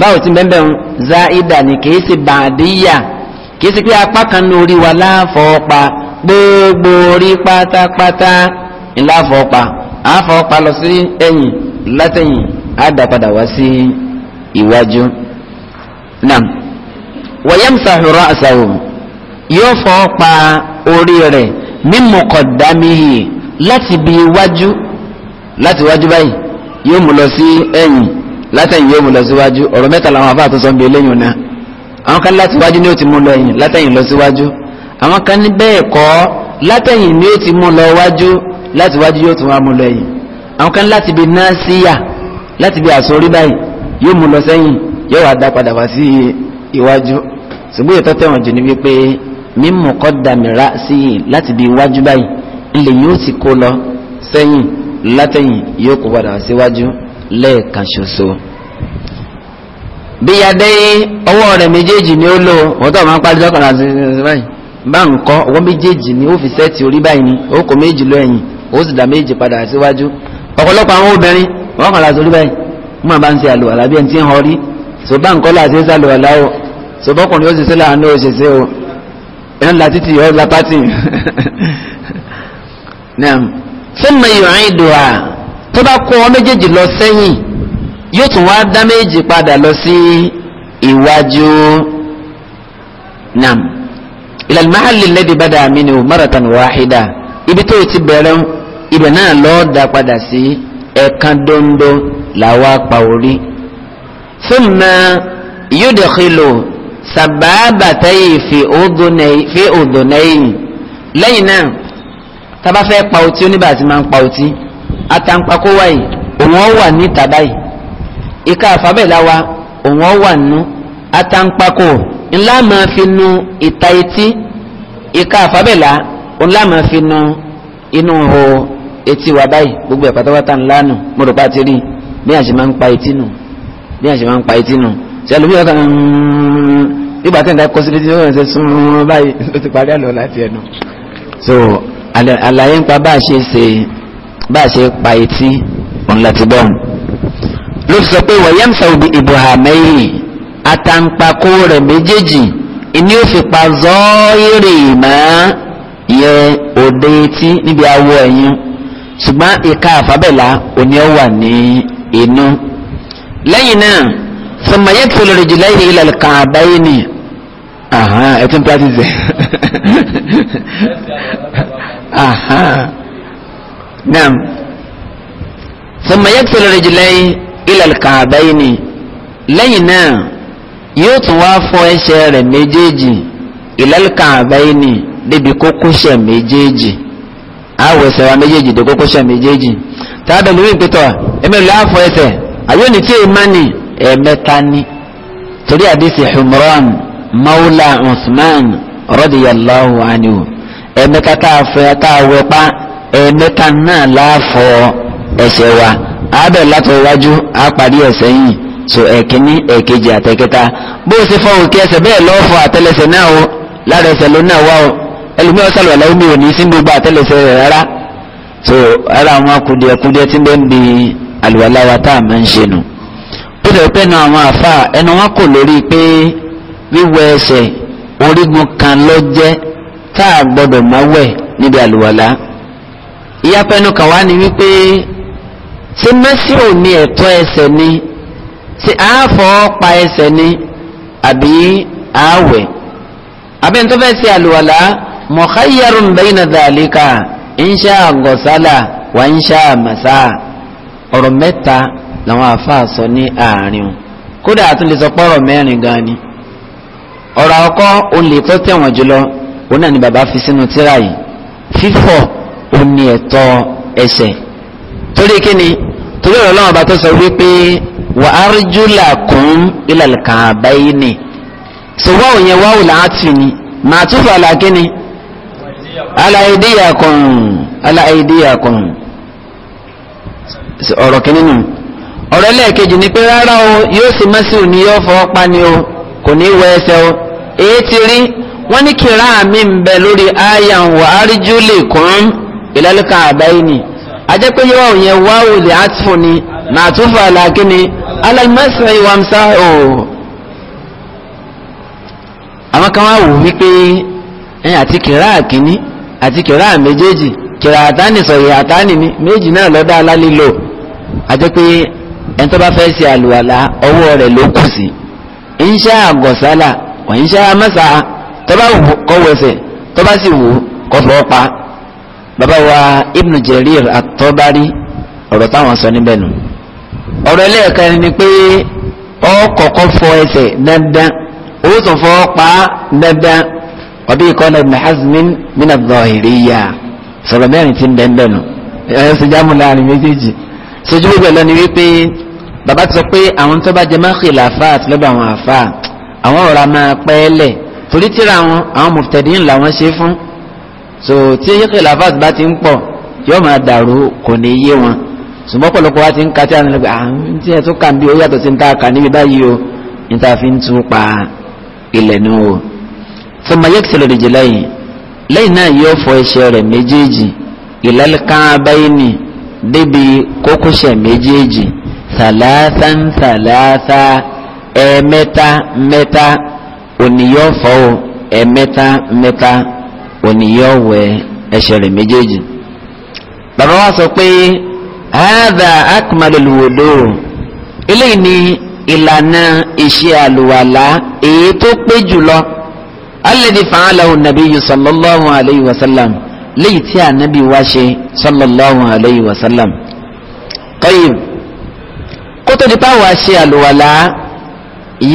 báwo ti mẹ́ńbẹ̀ ń záídà ni kìí ṣe bàdíyà kìí ṣe pé apá kan ní orí wa láàfọ̀ọ́pa gbogbo orí pátápátá ńláfọ̀ọ́pa àáfọ̀ọ́pa lọ sí ẹ̀yìn látẹ̀yìn àdàpadà wá sí iwájú náà wọ̀nyẹ́mùsàhùrọ̀ àṣàwò yóò fọ́ọ́pa orí rẹ̀ mímú kọ̀dámihì láti bí iwájú láti iwájú báyìí yóò mú lọ sí ẹ̀yìn látẹ̀yìn yóò mú lọ síwájú ọ̀rọ̀ mẹ́ta làwọn afá àtúnṣe ń bi eléyìn náà àwọn kan láti iwájú ni ó ti mú lọ ẹ̀yìn látẹ̀yìn lọ síwájú àwọn kan ní bẹ́ẹ̀ kọ́ látẹ̀yìn ni ó ti mú lọ wájú láti wájú yóò tún wá mú lọ ẹ̀yìn àwọn kan láti bí násíyà láti bí àsorí báyìí yóò mú lọ sẹ́yìn yóò mímú kọ́dàmìrà sí yìí láti bí iwájú báyìí ilẹ̀ yóò ti kó lọ sẹ́yìn látẹ̀yìn yóò kó padà síwájú lẹ́ẹ̀kan ṣoṣo. bí adé ọwọ́ rẹ̀ méjèèjì ni ó lò wọ́n tó máa ń parí lọ́kànlá báyìí bá ń kọ́ ọwọ́ méjèèjì ni ó fi sẹ́ẹ̀tì orí báyìí ni ó kó méjì lọ ẹ̀yìn ó sì dá méjì padà síwájú ọ̀pọ̀lọpọ̀ àwọn obìnrin wọ́n kàn láti orí báyìí wọ́n máa ń ṣe àlùwàlá ẹ̀yàn la títì ẹ̀ oh, la pátì sọ́mọ ìrìn ìdùà tó bá kó ọ méjèèjì lọ sẹ́yìn yóò tún wá dá méjì padà lọ sí iwájú nam ilal mahalli alladhi bada minhu maratan wahida ibi tó ti bẹ̀rẹ̀ ibẹ̀ náà lọ́ọ́ dá padà sí ẹ̀ẹ̀kan dondo làwọn apá orí sọ́mọ yudkhilu sàbábàtẹ́yì fi òdònẹ́yìn lẹ́yìn náà tàbá fẹ́ pa otí oníbà tí máa ń pa otí àtàǹpàkó wáyì òun ó wa òun ó wà nú àtàǹpàkó ńlá máa fi nu ìta etí ìka àfábẹ̀lá ńlá máa fi nu inú ho pa ti rí bí àṣẹ máa ń pa etí nù ṣẹlùmí ọkàn nígbà tí nǹkan kọsílẹ̀ tí wọ́n ṣe sún báyìí ó ti parí àlọ́ láti ẹnu. so àlàyé ń pa bá a ṣe ṣe bá a ṣe pa etí òun láti bọ́ọ̀n. ló sọ pé wọ̀nyẹ́m sọ̀rọ̀ ìbò àmẹ́yìn àtàǹpàkò rẹ̀ méjèèjì ìní òfin pa zọ́ọ́rì mọ́ ìyẹn òde etí níbi awọ ẹ̀yìn ṣùgbọ́n ìka àfábẹ́là òní ọ̀ ní inú. lẹ́yìn náà sọmọ yẹn ti lórí jùlọ yìí ilẹ̀ kan àbáyé ni ẹ tún practice naam sọmọ yẹn ti lórí jùlọ yìí ilẹ̀ kan àbáyé ni lẹ́yìn náà yóò tún wá fọ ẹsẹ̀ rẹ̀ méjèèjì ilẹ̀ kan àbáyé ni débi kókósẹ̀ méjèèjì àwọ̀ ẹsẹ̀ wa méjèèjì dé kókósẹ̀ méjèèjì tàbí lórí ìpẹ́tọ̀ ẹ̀mẹ́rin láàfọ̀ ẹsẹ̀ àyóò ní tí èèmá ni ẹ̀ẹ̀mẹ́ta ní torí àdìsí humran maula usman radiyallahu anhu ẹ̀ẹ̀mẹ́ta tá a fẹ́ tá a wẹ̀ pa ẹ̀ẹ̀mẹ́ta náà láàfọ ẹ̀ṣẹ̀ wa abẹ́ látọ̀ iwájú ẹ̀ṣẹ̀ yìí so ẹ̀kíní ẹ̀kejì àtẹ̀kẹta bó o ṣe fọ òkè ẹsẹ̀ bẹ́ẹ̀ lọ́ọ́ fọ àtẹlẹsẹ̀ náà o lára ẹsẹ̀ ló náà wá o ẹlòmíràn sàlùwàlà omi ò ní sí gbogbo àtẹlẹsẹ̀ rẹ̀ rárá so ara àwọn akùdìẹ̀kùdìẹ̀ tí ń bẹ́ẹ̀ ń bi àlùwàlà tá a máa ń ṣe nù ó lè pẹ́ nu àwọn àfa ẹnu wọn kò lórí pé wíwọ ẹsẹ̀ orígun kan ló jẹ́ tá a gbọ́dọ̀ má wẹ̀ níbi àlùwàlá ìyapẹ́nu kan wá ni wípé ṣé mẹ́sìrò ní ẹ̀tọ́ ẹsẹ̀ ni ṣé àáfọ̀ pa ẹsẹ̀ ni àbí àáwẹ̀ abẹ́ni tó fẹ́ ṣe àlùwàlá mọ̀káyàrún bẹ́yìn náà dàlíkà ń wà ń ṣe àmàṣà ọ̀rọ̀ làwọn àáfàá sọ ní àárín o kódà àtúndì sọ pọ́rọ̀ mẹ́rin gan ni ọ̀rọ̀ ọkọ́ olè tó tẹ̀wọ̀n jùlọ òun náà ni bàbá fi sínú tíra yìí fífọ̀ òun ni ẹ̀tọ́ ẹsẹ̀ torí kíni torí ọ̀rọ̀ ọlọ́run ọba tó sọ wípé wà á rí júlà kún ilẹ̀ kàbá yìí ni sọ̀wọ́ òyìn wáwù láti ni màá túfọ̀ àlàkíni aláìdíyà kan aláìdíyà kan ọ̀rọ̀ kìíní nù. ọ̀rọ̀ ẹlẹ́ẹ̀kejì ni pé rárá o yóò sì mẹ́sìlú ni yóò fọ́ pa ni o kò ní wọ ẹsẹ̀ o èyí ti rí wọ́n ní kìrá mi ń lórí aya wà áríjú lè ìlẹ́lẹ́ka àbáyé ni ajẹ́ pé yóò yẹn wá òlì àtúfò ni màtúfò àlàkí ni o. àwọn kan wá wò wípé àti àti méjèèjì sọ̀rọ̀ ni méjì náà lọ́dọ̀ alálẹ́ lò ajẹ́ pé ẹni tó bá fẹ́ ṣe àlùwàlà ọwọ́ rẹ̀ ló kù sí ìṣe àgọ̀sálà wọ́n ìṣe amẹ́sà tó bá wù kó wẹsẹ̀ sì wù kó pa bàbá wa Ibn Jarir at-Tabari ọ̀rọ̀ táwọn sọ níbẹ̀ nù ọ̀rọ̀ ẹlẹ́ẹ̀kan ni pé ọ kọ́kọ́ fọ ẹsẹ̀ dandan ó tún fọ́ pa dandan ọbí ìkọ́lẹ̀ Ibn Hazm min adh-Dhahiriyya sọ̀rọ̀ mẹ́rin ti ń bẹ́ẹ̀ nù ẹ̀ ẹ́ sọ jámù láàrin méjèèjì sojú gbogbo ẹ̀ lọ ni wípé bàbá ti sọ pé àwọn tó bá jẹ má khilafa àti lọ́dọ̀ àwọn àfa àwọn ọ̀rọ̀ a máa pẹ́ lẹ̀ torí tíra wọn àwọn mọ̀tẹ́dín làwọn ṣe fún so tí khilafa bá ti ń pọ̀ yóò máa dàrú kò ní yé wọn ṣùgbọ́n pọ̀lọpọ̀ wa ti ń ka tí a nílò pé àwọn tí ẹ tó kà ń bí ó yàtọ̀ sí ń ta kà níbi báyìí o ní ta fi ń tún pa ilẹ̀ nù o thumma débi kókósẹ̀ méjèèjì sàlásán sàlásá ẹ̀ẹ̀mẹ́ta mẹ́ta òníyọ́ fọ́ o ẹ̀ẹ̀mẹ́ta mẹ́ta òníyọ́ wẹ ẹsẹ̀ rẹ̀ méjèèjì. bàbá wa sọ pé hadha akmalul wudu eléyìí ni ìlànà iṣẹ́ àlùwàlá èyí tó pé jùlọ alladhi fa'alahu nabiyyu sallallahu alayhi wa sallam léyìí tí ànábì wá ṣe sallallahu alayhi wa sallam. tọ́yìn kótó di báwa ṣe àlùwàlá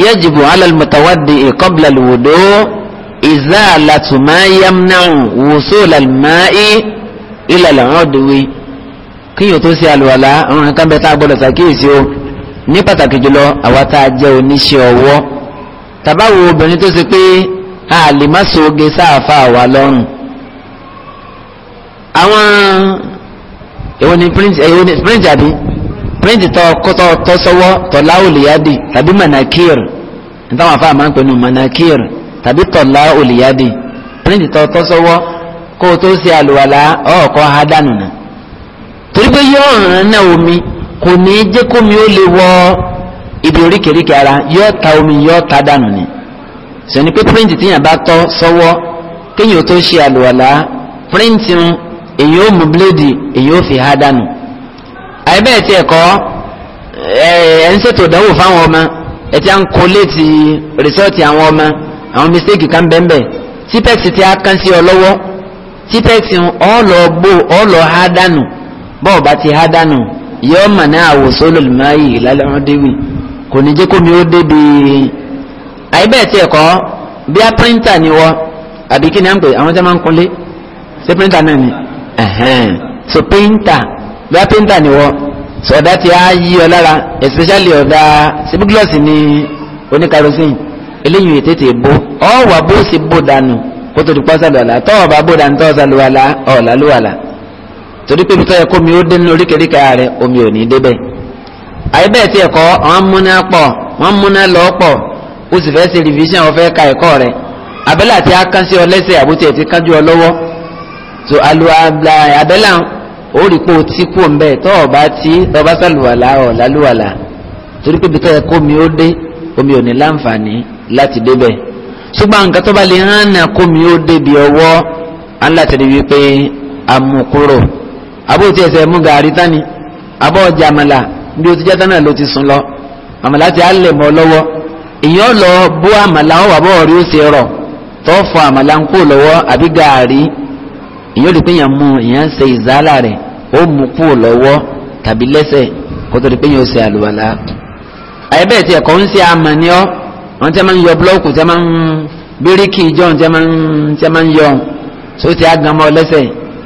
yajibu alal mutawaddi qabla alwudu izalatu ma yamna'u wusul alma'i ila al'udwi kíyàn tó ṣe àlùwàlá àwọn nǹkan bẹ́ẹ̀ tá a gbọ́dọ̀ ṣàkíyèsí o ní pàtàkì jùlọ àwa tá a jẹ́ oníṣẹ́ ọwọ́ tàbáwo obìnrin tó ṣe pé a sáà fa àwa lọ́rùn àwọn èwo ni print èwo ni print àbí print tọ kọtọ tọsọwọ tọlá olùyádì tàbí manakir nítawọn afáà máa ń pè ní manakir tàbí tọlá olùyádì print tọ tọsọwọ kó o tó ṣe àlùwàlà ọkọ àdánù náà torí pé yóò ràn náà omi kò ní jẹ́ kómi ó lè wọ ibi oríkèéríkèé ara yóò ta omi yóò ta dànù ni sọ ni pé print tíyàn bá tọ́ sọ́wọ́ kéèyàn tó ṣe àlùwàlà print ń èyí ó mú bíléèdì èyí ó fi há dànù àìbẹ́ẹ̀ tí ẹ̀kọ́ ẹ̀ ń ṣètò ìdánwò fáwọn ọmọ ẹ̀ tí a ń kó léètì rìsọ́ọ̀tì àwọn ọmọ àwọn mistake kan bẹ́ẹ̀ típẹ́ẹ̀tì tí a kán sí ọ lọ́wọ́ típẹ́ẹ̀tì ọ̀ọ́lọ́ gbó ọ̀ọ́lọ́ há dànù bọ́ọ̀ bá ti há dànù yọ mà ní àwòsó lòlùmáyì lálẹ́wọ́n déwì kò ní jẹ́ kó ó débi àìbẹ́ẹ̀ tí so painter bẹ́ẹ̀ painter ni wọ́n so tí a yí ọ lára especially ọ̀dá sibugloss ni oníkarosín eléyìí yìí tètè bó ọ̀wà bó sì bó dànù kó tó di pọ́ sàlùwàlà tọ́wọ̀ bá bó dànù tọ́wọ̀ sàlùwàlà ọ̀là lùwàlà torí pé bitọ́ yẹ kó mi ó dé nínú rẹ omi ò ní débẹ̀ àyè bẹ́ẹ̀ ẹ̀kọ́ wọ́n múná pọ̀ wọ́n múná lọ́ pọ̀ ó sì fẹ́ ṣe revision ó ka ẹ̀kọ́ rẹ̀ abẹ́lẹ̀ àti akánṣe ọlẹ́sẹ̀ àbútí ti kánjú ọ lọ́wọ́ so aluwala abẹ́là ó rí pé o ti kú ń bẹ́ tọ́ ọba tí tọba sàlùwàlà ọ̀làlùwàlà torí pé ibi tó yẹ kó omi ó dé omi ò ní láǹfààní láti débẹ̀ ṣùgbọ́n nǹkan tó bá lè hàn náà kó omi ó débi ọwọ́ aláti rí wípé amukuro abóòtí ẹsẹ̀ mú gàrí tání abọ́ ọjà àmàlà bí o ti jẹ́ tánà ló ti sùn lọ àmàlà ti á lè mọ́ lọ́wọ́ èèyàn lọ bó àmàlà ọwọ́ àbọ̀ rí ó ṣe rọ̀ tọ́ fọ àmàlà ń kó lọ́wọ́ àbí gàrí ìyẹn rí pé yàn mú ìyẹn ṣe ìzálà rẹ̀ ó mú kú lọ́wọ́ tàbí lẹ́sẹ̀ kó tó rí pé yàn ó ṣe àlùwàlà. àyè bẹ́ẹ̀ tiẹ̀ kọ́ ń ṣe àmà ọ́ wọ́n ti máa ń yọ búlọ́ọ̀kù ti máa ń bíríkì ìjọ ti máa ń yọ so ti á gan mọ́ lẹ́sẹ̀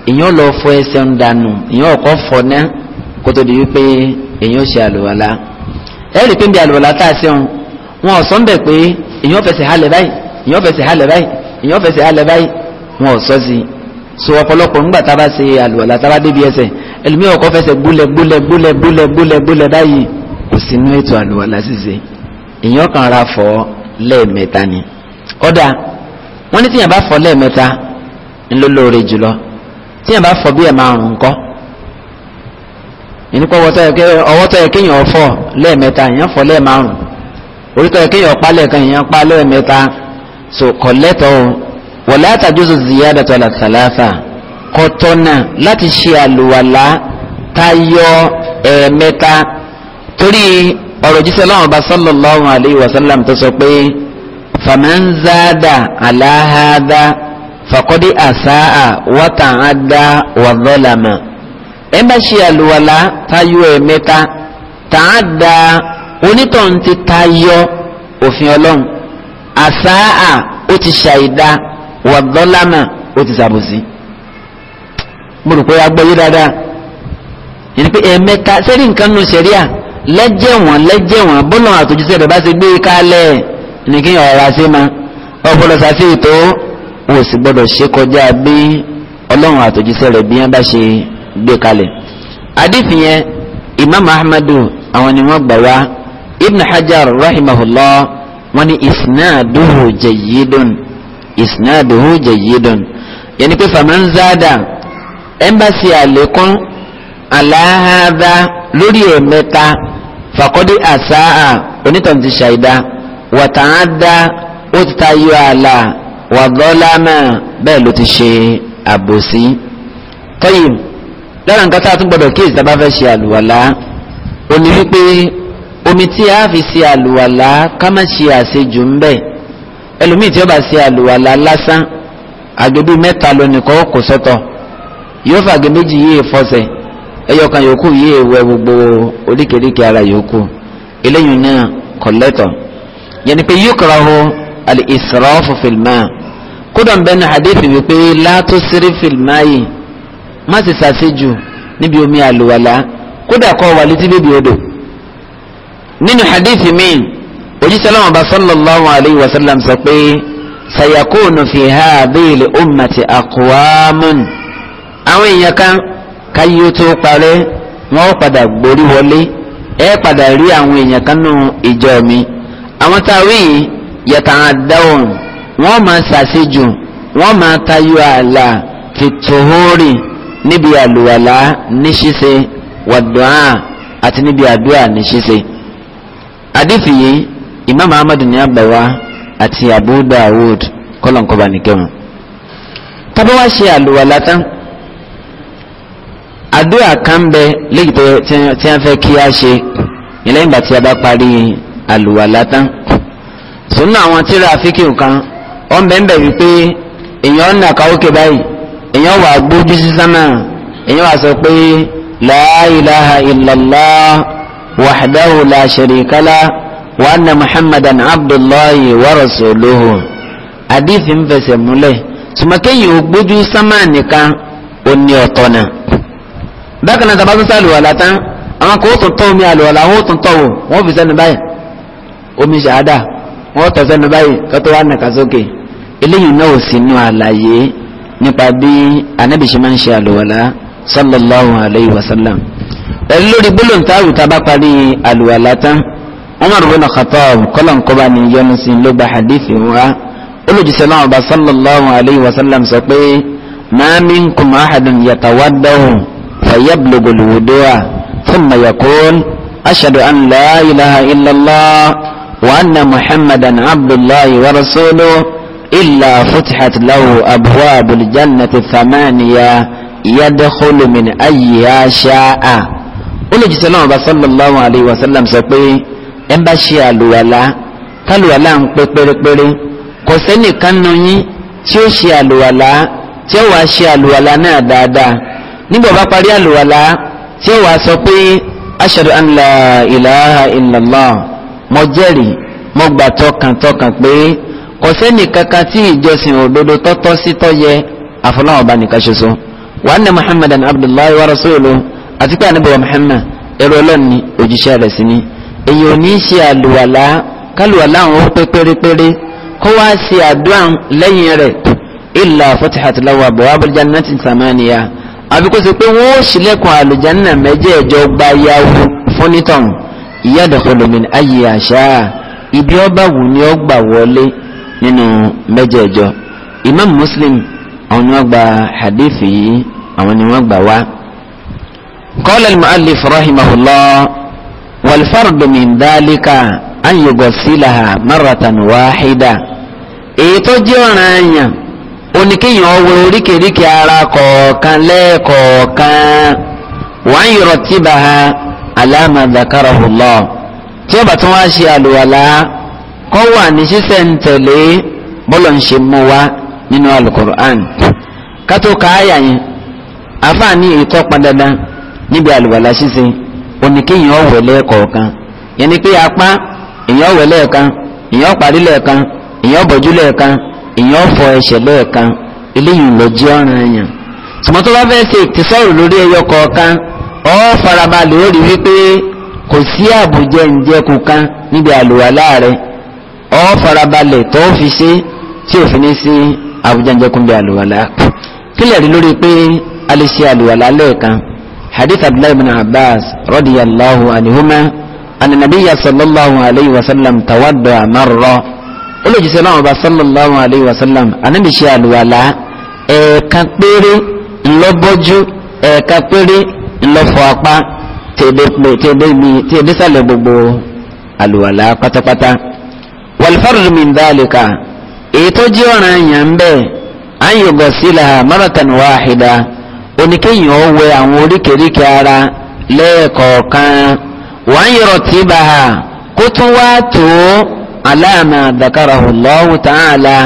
ìyẹn ó lọ fọ ẹsẹ̀ ń dànù ìyẹn ọ̀kọ́ fọ náà kó tó di wípé èyàn ó ṣe àlùwàlà ẹ rí pé ń bí àlùwàlà tá a ṣeun wọn ò sọ ń pé èyàn fẹsẹ̀ halẹ̀ báyìí so ọ̀pọ̀lọpọ̀ ńgbà tá a bá ṣe àlùwàlà tá a bá débi ẹsẹ̀ ẹlòmíì ọkọ fẹsẹ̀ gbólẹ̀ gbólẹ̀ gbólẹ̀ gbólẹ̀ gbólẹ̀ gbólẹ̀ báyìí kò sí inú ètò àlùwàlà ṣíṣe èèyàn kan ra fọ lẹ́ẹ̀mẹ́ta ni ọ̀dà wọ́n ní tíyàn bá fọ lẹ́ẹ̀mẹ́ta ńlọlọ́ọ̀rẹ́ jùlọ tíyàn bá fọ bí ẹ̀ márùn ńkọ́ ìnípa ọwọ́ tọ́ yẹ kéèyàn fọ lẹ́ẹ̀mẹ́ta èèyàn fọ lẹ́ẹ̀márùn orí tọ́ kéèyàn pa lẹ́ẹ̀kan èèyàn pa lẹ́ẹ̀mẹ́ta so kọ̀lẹ́tọ̀ wọ̀lá àtàjọsọ ziyada tọ́lá sàláfà kọ́tọ́nà láti ṣe àlùwàlá tayọ ẹ̀ẹ̀mẹ́ta torí ọ̀rọ̀ jíṣẹ́ lọ́wọ́ bá sallallahu alayhi wa sallam tó sọ pé faman zada ala hada faqad asaa wa ta'adda wa zalama ẹ bá ṣe àlùwàlá tayọ ẹ̀ẹ̀mẹ́ta ta'adda onítọ̀hún ti tayọ òfin ọlọ́run àsáà ó ti ṣàìdá wàdọ́lámà ó ti sàbòsí mo rò pé agbọ́yé dáadáa yẹn pé ẹ̀ẹ̀mẹ́ta sẹ́rí nǹkan nù sẹ́ríà lẹ́jẹ̀wọ̀n lẹ́jẹ̀wọ̀n bọ́lá àtòjúṣe rẹ̀ bá ṣe gbé kálẹ̀ ní kí ọ̀rọ̀ àṣẹ ma ọ̀pọ̀lọ̀ ṣàfihàn tó wò sí gbọ́dọ̀ ṣe kọjá bí ọlọ́run àtòjúṣe rẹ̀ bí wọ́n bá ṣe gbé kalẹ̀. àdìsí yẹn imam ahmadu àwọn ni wọ́n gbà wá ibn hajar rahimahullah wọ́n ní isnaduhu jayyidun isnaduhu jayyidun yẹni pé famanzada ẹmbàsì àlékún aláhàdá lórí ẹ̀mẹ́ta fàkọ́dí àsáà onítàn ti ṣàìdá wàtàádá ó ti tayọ àlà wàdọ́lámà bẹ́ẹ̀ ló ti ṣe àbòsí. tọ́yì lára nǹkan tá a tún gbọ́dọ̀ kíyèsí tá fẹ́ ṣe àlùwàlá ó ní wípé omi tí a fi ṣe àlùwàlá ká má ṣe àṣejù ń bẹ́ẹ̀ ẹlòmíì tí ó bá ṣe àlùwàlà lásán àgbébí mẹ́ta lónìkan kò sọ́tọ̀ yóò fàgé méjì yìí fọsẹ̀ ẹyọkan yòókù yìí wẹ gbogbo oríkèéríkèé ara yòókù eléyìí náà kọ̀lẹ́tọ̀ yẹn ni pé yukrahu al-israfu fil ma' kódà ń bẹ́ẹ̀ ní hadithi wípé la tusrif fil ma'i má sì ṣàṣejù níbi omi àlùwàlà kódà kọ́ wà létí bèbí odò nínú hadithi míì òjíṣẹ́ náà bá sallallahu alayhi wa sallam sọ pé sayakunu fi hadhihi l-ummati aqwamun àwọn èèyàn kan káyé tó parẹ́ wọ́n padà gborí wọlé ẹ padà rí àwọn èèyàn kan nù ìjọ mi àwọn táwí yata'addawun wọ́n máa ṣàṣejù wọ́n máa tayọ ààlà fi níbi àlùwàlá ní ṣíṣe àti níbi àdúrà ní àdìsí yìí imam ahmadu ní agbawa àti abu dawud kọlọ̀nkọba nìkẹ́wọ̀n tábọ́wá ṣe àlùwàlá tán àdúrà kan bẹ léyìí tí a fẹ́ kí a ṣe ìlẹ́yìn bá tí a bá parí àlùwàlá tán sùnú àwọn tíra fíkìw kan ó ń bẹ́ẹ̀ wípé èèyàn ń nàka báyìí èèyàn wà gbójú sí sánmà èèyàn wà sọ pé la ilaha illallah wahdahu la sharika وأن محمدا عبد الله ورسوله حديث فسمله ثم كي يوجد سمانك أني أطنا بكنا تبادل سألوا ولا تان أما كو تنطو مي ألوا لا هو تنطو هو في سنة باي omi ṣàádà wọ́n tọ̀sẹ́nu báyìí kọ́tọ́ wà nàka sókè eléyìí náà ò sí inú àlàyé nípa bí anábì ṣe máa ń ṣe àlùwàlá sallallahu alayhi wa sallam pẹ̀lú lórí gbólóǹtàwù tá bá parí àlùwàlá tán عمر بن الخطاب قال ان قباني جنس لبا حديثه هو قل جسنا صلى الله عليه وسلم سقي ما منكم احد يتودع فيبلغ الودوع ثم يقول اشهد ان لا اله الا الله وان محمدا عبد الله ورسوله الا فتحت له ابواب الجنه الثمانيه يدخل من ايها شاء قل جسنا صلى الله عليه وسلم سقي ẹ̀ ń bá ṣe àlùwàlá tálùwàlá ń pé pérépéré kò sẹ́nìkan nu yín tí ó ṣe àlùwàlá tí ó wàá ṣe àlùwàlá náà dáadáa nígbà bá parí àlùwàlá tí ó wàá sọ pé ashadu an la ilaha illallah mo jẹ́rìí mo gbà tọkàntọkàn pé kò sẹ́nìkan kan tí ìjọsìn òdodo tọ́tọ́ sí tọ́yẹ àfọlọ́wọ́n bá nìkan ṣoṣo wa anna muhammadan abdullahi wa rasulu, àti pé ànábì muhammad ẹ̀rọ ọlọ́ni òjíṣẹ́ rẹ̀ sí ni èyí ò ní ṣe àlùwàlá kálùwàlá àwọn ó pé pérépéré kó wá ṣe àdúrà lẹ́yìn rẹ̀ ìlà fatihat lawa bawabul jannati samaniya àbí kó ṣe pé wọ́n ó ṣílẹ̀kùn àlùjánná mẹ́jẹ̀ẹ̀jọ gba yahoo fúnitàn yadkhulu min ayyi àṣà ibi ọba wù ni ó gbà wọlé nínú mẹ́jẹ̀ẹ̀jọ imam muslim àwọn ni wọ́n gba hadith yìí àwọn ni wọ́n gbà wá. qala al-mu'allif rahimahullah wàlfàrùdù min dálíkà an yughsilaha maratan wáhídà èyí tó jẹ́ ọ̀ranyàn oníkéèyàn ọwọ́ oríkèéríkèé ara kọ̀ọ̀kan lẹ́ẹ̀kọ̀ọ̀kan wa an yurattibaha ala ma dhakarahu Allah tí ó bá tún wá ṣe àlùwàlá kọ́ wà ní ṣíṣẹ̀ ń tẹ̀lé bọ́lọ̀ ń ṣe mú wa nínú alukur'an kátó kááyà yẹn àfáàní ètò pọn dandan níbi àlùwàlá ṣíṣe òní kí èèyàn ọ̀wẹ̀ lẹ́ẹ̀kọ̀ọ̀kan yẹn ni pé apá èèyàn ọ̀wẹ̀ lẹ́ẹ̀kan èèyàn parí lẹ́ẹ̀kan èèyàn bọ̀jú lẹ́ẹ̀kan èèyàn fọ ẹsẹ̀ lẹ́ẹ̀kan eléyìí lọ jẹ́ ọ̀ràn èèyàn tùmọ̀ tó bá fẹ́ ṣe ìtìsọ́rọ̀ lórí ẹyọ kọ̀ọ̀kan ọ farabalẹ̀ ó rí wípé kò sí àbùjẹ ǹjẹkù kan níbi àlùwàlá rẹ ọ farabalẹ̀ tó fi ṣe tí òfin ní sí àbùjẹ ǹjẹkù níbi àlùwàlá kílẹ̀ rí lórí pé a lè ṣe àlùwàlá lẹ́ẹ̀kan حديث عبد الله بن عباس رضي الله عنهما أن النبي صلى الله عليه وسلم تودع مرة قل جسنا أبا صلى الله عليه وسلم أنا بشي الولاء كبيري لبجو كبيري لفوقا tẹ̀dé sálẹ̀ gbogbo àlùwàlá pátápátá wàlfàrù min dhalika èyí tó jẹ́ ọ̀ràn yàn bẹ́ẹ̀ an yughsilaha maratan oníkéyìn ó wẹ àwọn oríkèéríkèé ara lẹ́ẹ̀kọ̀ọ̀kan wọ́n yọrọ̀ tí bá a kó tún wá tó aláàmà dhakarahu Allahu ta'ala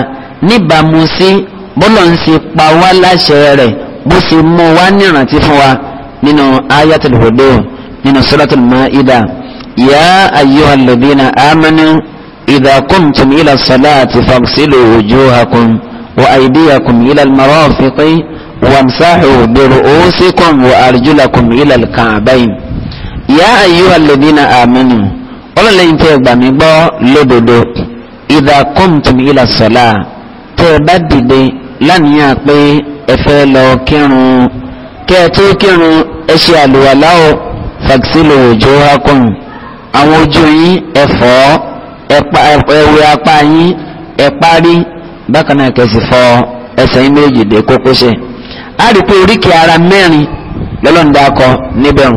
níbàámu sí bọ́lọ̀ ń ṣe pa wá láṣẹ rẹ̀ bó ṣe mú wá nírántí fún wa nínú ayatul hudu nínú suratul maida ya ayyuhal ladhina amanu idha qumtum ila salati faghsilu wujuhakum wa aydiyakum ila al wamsahu biru'usikum wa arjulakum ila al-ka'bayn ya ayyuhalladhina amanu ọlọ́lẹ́yìn tẹ́ ẹ gbà mí gbọ́ lódodo idha qumtum ila as-salah tẹ́ ẹ bá dìde lánìyàn pé ẹ fẹ́ lọ kírun kẹ́ ẹ tó kírun ẹ ṣe àlùwàlá o faghsilu wujuhakum àwọn ojú yín ẹ fọ̀ ẹ wẹ apá yín ẹ parí bákan náà kẹ́ sì fọ ẹsẹ̀ yín méjì dé kókósẹ̀ a rí pé oríkèé ara mẹ́rin lọ́lọ́ndà akọ níbẹ̀ ń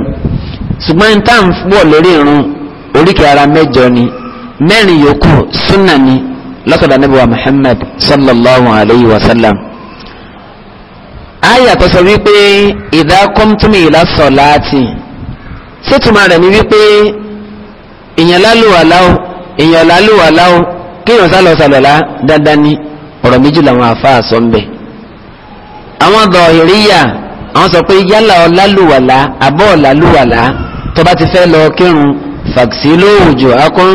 ṣùgbọ́n tá à ń wọ̀ lórí irun oríkèé ara mẹ́jọ ni mẹ́rin yòókù súnà ni lọ́sọ̀dọ̀ anábìwá Muhammad sallallahu alayhi wa sallam aya tó sọ wípé idha qumtum ila salati sétùmá rẹ̀ ni wípé èèyàn lálùwàlá o èèyàn lálùwàlá o kéèyàn sálọ sàlọ̀lá dandan ni ọ̀rọ̀ méjì làwọn àfáà sọ ń bẹ̀ àwọn dọ̀hìríyà àwọn sọ pé yálà ọ̀làlùwàlà àbọ̀ ọ̀làlùwàlà tó bá ti fẹ́ lọ kírun fàksílù wujuhakum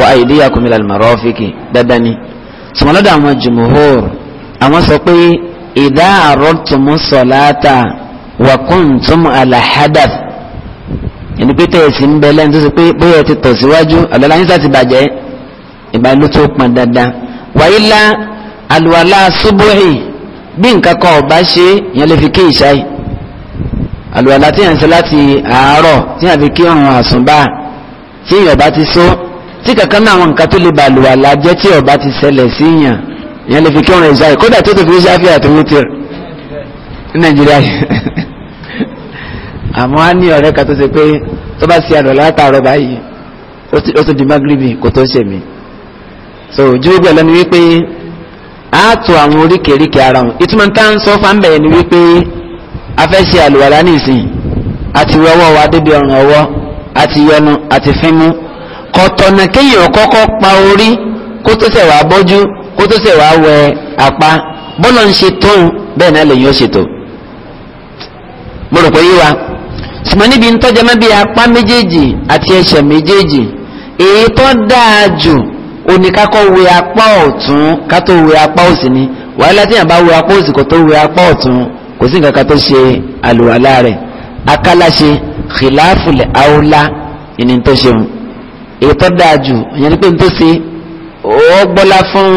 wa aydiyakum ilal marafiqi dandan ni sọmọlọ́dọ̀ àwọn jùmùhóòr àwọn sọ pé ìdá àrọ́tùmù sọ̀láta wà kúntùmù àlàhádàf ẹni pé tẹ̀sí ń bẹ lẹ́nu tó sọ pé bóyá ẹ ti tọ̀ síwájú àlọ́lá yín sáti bàjẹ́ ìbálò tó pọn dandan wàyí la àlùwàlà subuhi bí nǹkan kan ọba ṣe yẹn lè fi kí ìṣáì àlùwàlá tí yẹn ń ṣe láti àárọ̀ tí yẹn fi kí ọ̀run àsùnbà tí yẹn ọba ti sọ tí kankan náà àwọn nǹkan tó lè ba àlùwàlá jẹ́ tí ọba ti ṣẹlẹ̀ sí yẹn yẹn lè fi kí ọ̀run ìṣáì kódà tó tó fi ṣáfì àti wítìr ní nàìjíríà yìí àmọ́ á ní ọ̀rẹ́ kan tó ṣe pé tó bá ṣe àlùwàlá látàárọ̀ báyìí ó ti di magribi kò tó ṣe so ojú ìgbà lẹ́nu wípé á tó àwọn oríkèéríkèé ara wọn ìtumọ̀ tá ń sọ fáńbẹ̀ ni wípé a fẹ́ ṣe àlùwàlá nìsín àti wọ́wọ́ wa débi ọ̀rùn ọwọ́ àti yọnu àti fímú kọ̀tọ̀nà kéèyàn kọ́kọ́ pa orí kó tó ṣẹ̀ wàá bọ́jú kó tó ṣẹ̀ wàá wẹ apá bọ́lọ̀ ń ṣe tóun bẹ́ẹ̀ náà lèyìn ó ṣètò mo rò pé yíwa ṣùgbọ́n níbi ń tọ́jà mẹ́bí apá méjèèjì àti ẹsẹ̀ méjèèjì èyí tó dáa jù oníkakọ́ wẹ apá ọ̀tún kátó wẹ apá òsì ni wàhálà tí yàn bá wẹ apá òsì kò tó wẹ apá ọ̀tún kò sí nǹkan kan tó ṣe àlùwàlá rẹ̀ akálàṣe khilaful aula ìní tó ṣeun èyí tó dáa jù ìyẹn ni pé n tó ṣe ó gbọ́lá fún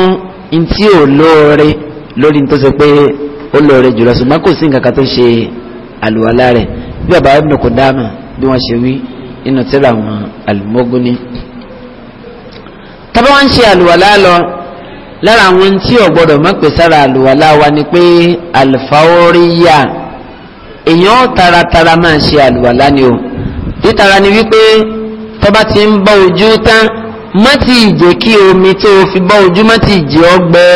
ntí ò lóore lórí n tó ṣe pé ó lóore jùlọ ṣùgbọ́n kò sí nǹkan kan tó ṣe àlùwàlá rẹ̀ bí bàbá Ibn Qudama bí wọ́n ṣe wí nínú tírà wọn al tábà wá ń ṣe àlùwàlá lọ lára àwọn tí ò gbọdọ̀ má pè sára àlùwàlá wa ni pé àlùfáóríyà èèyàn taratara máa ṣe àlùwàlá ni o títara ni wípé tó bá ti ń bọ́ ojú tán má ti jẹ́ kí omi tó fi bọ́ ojú má ti jẹ́ ọgbẹ́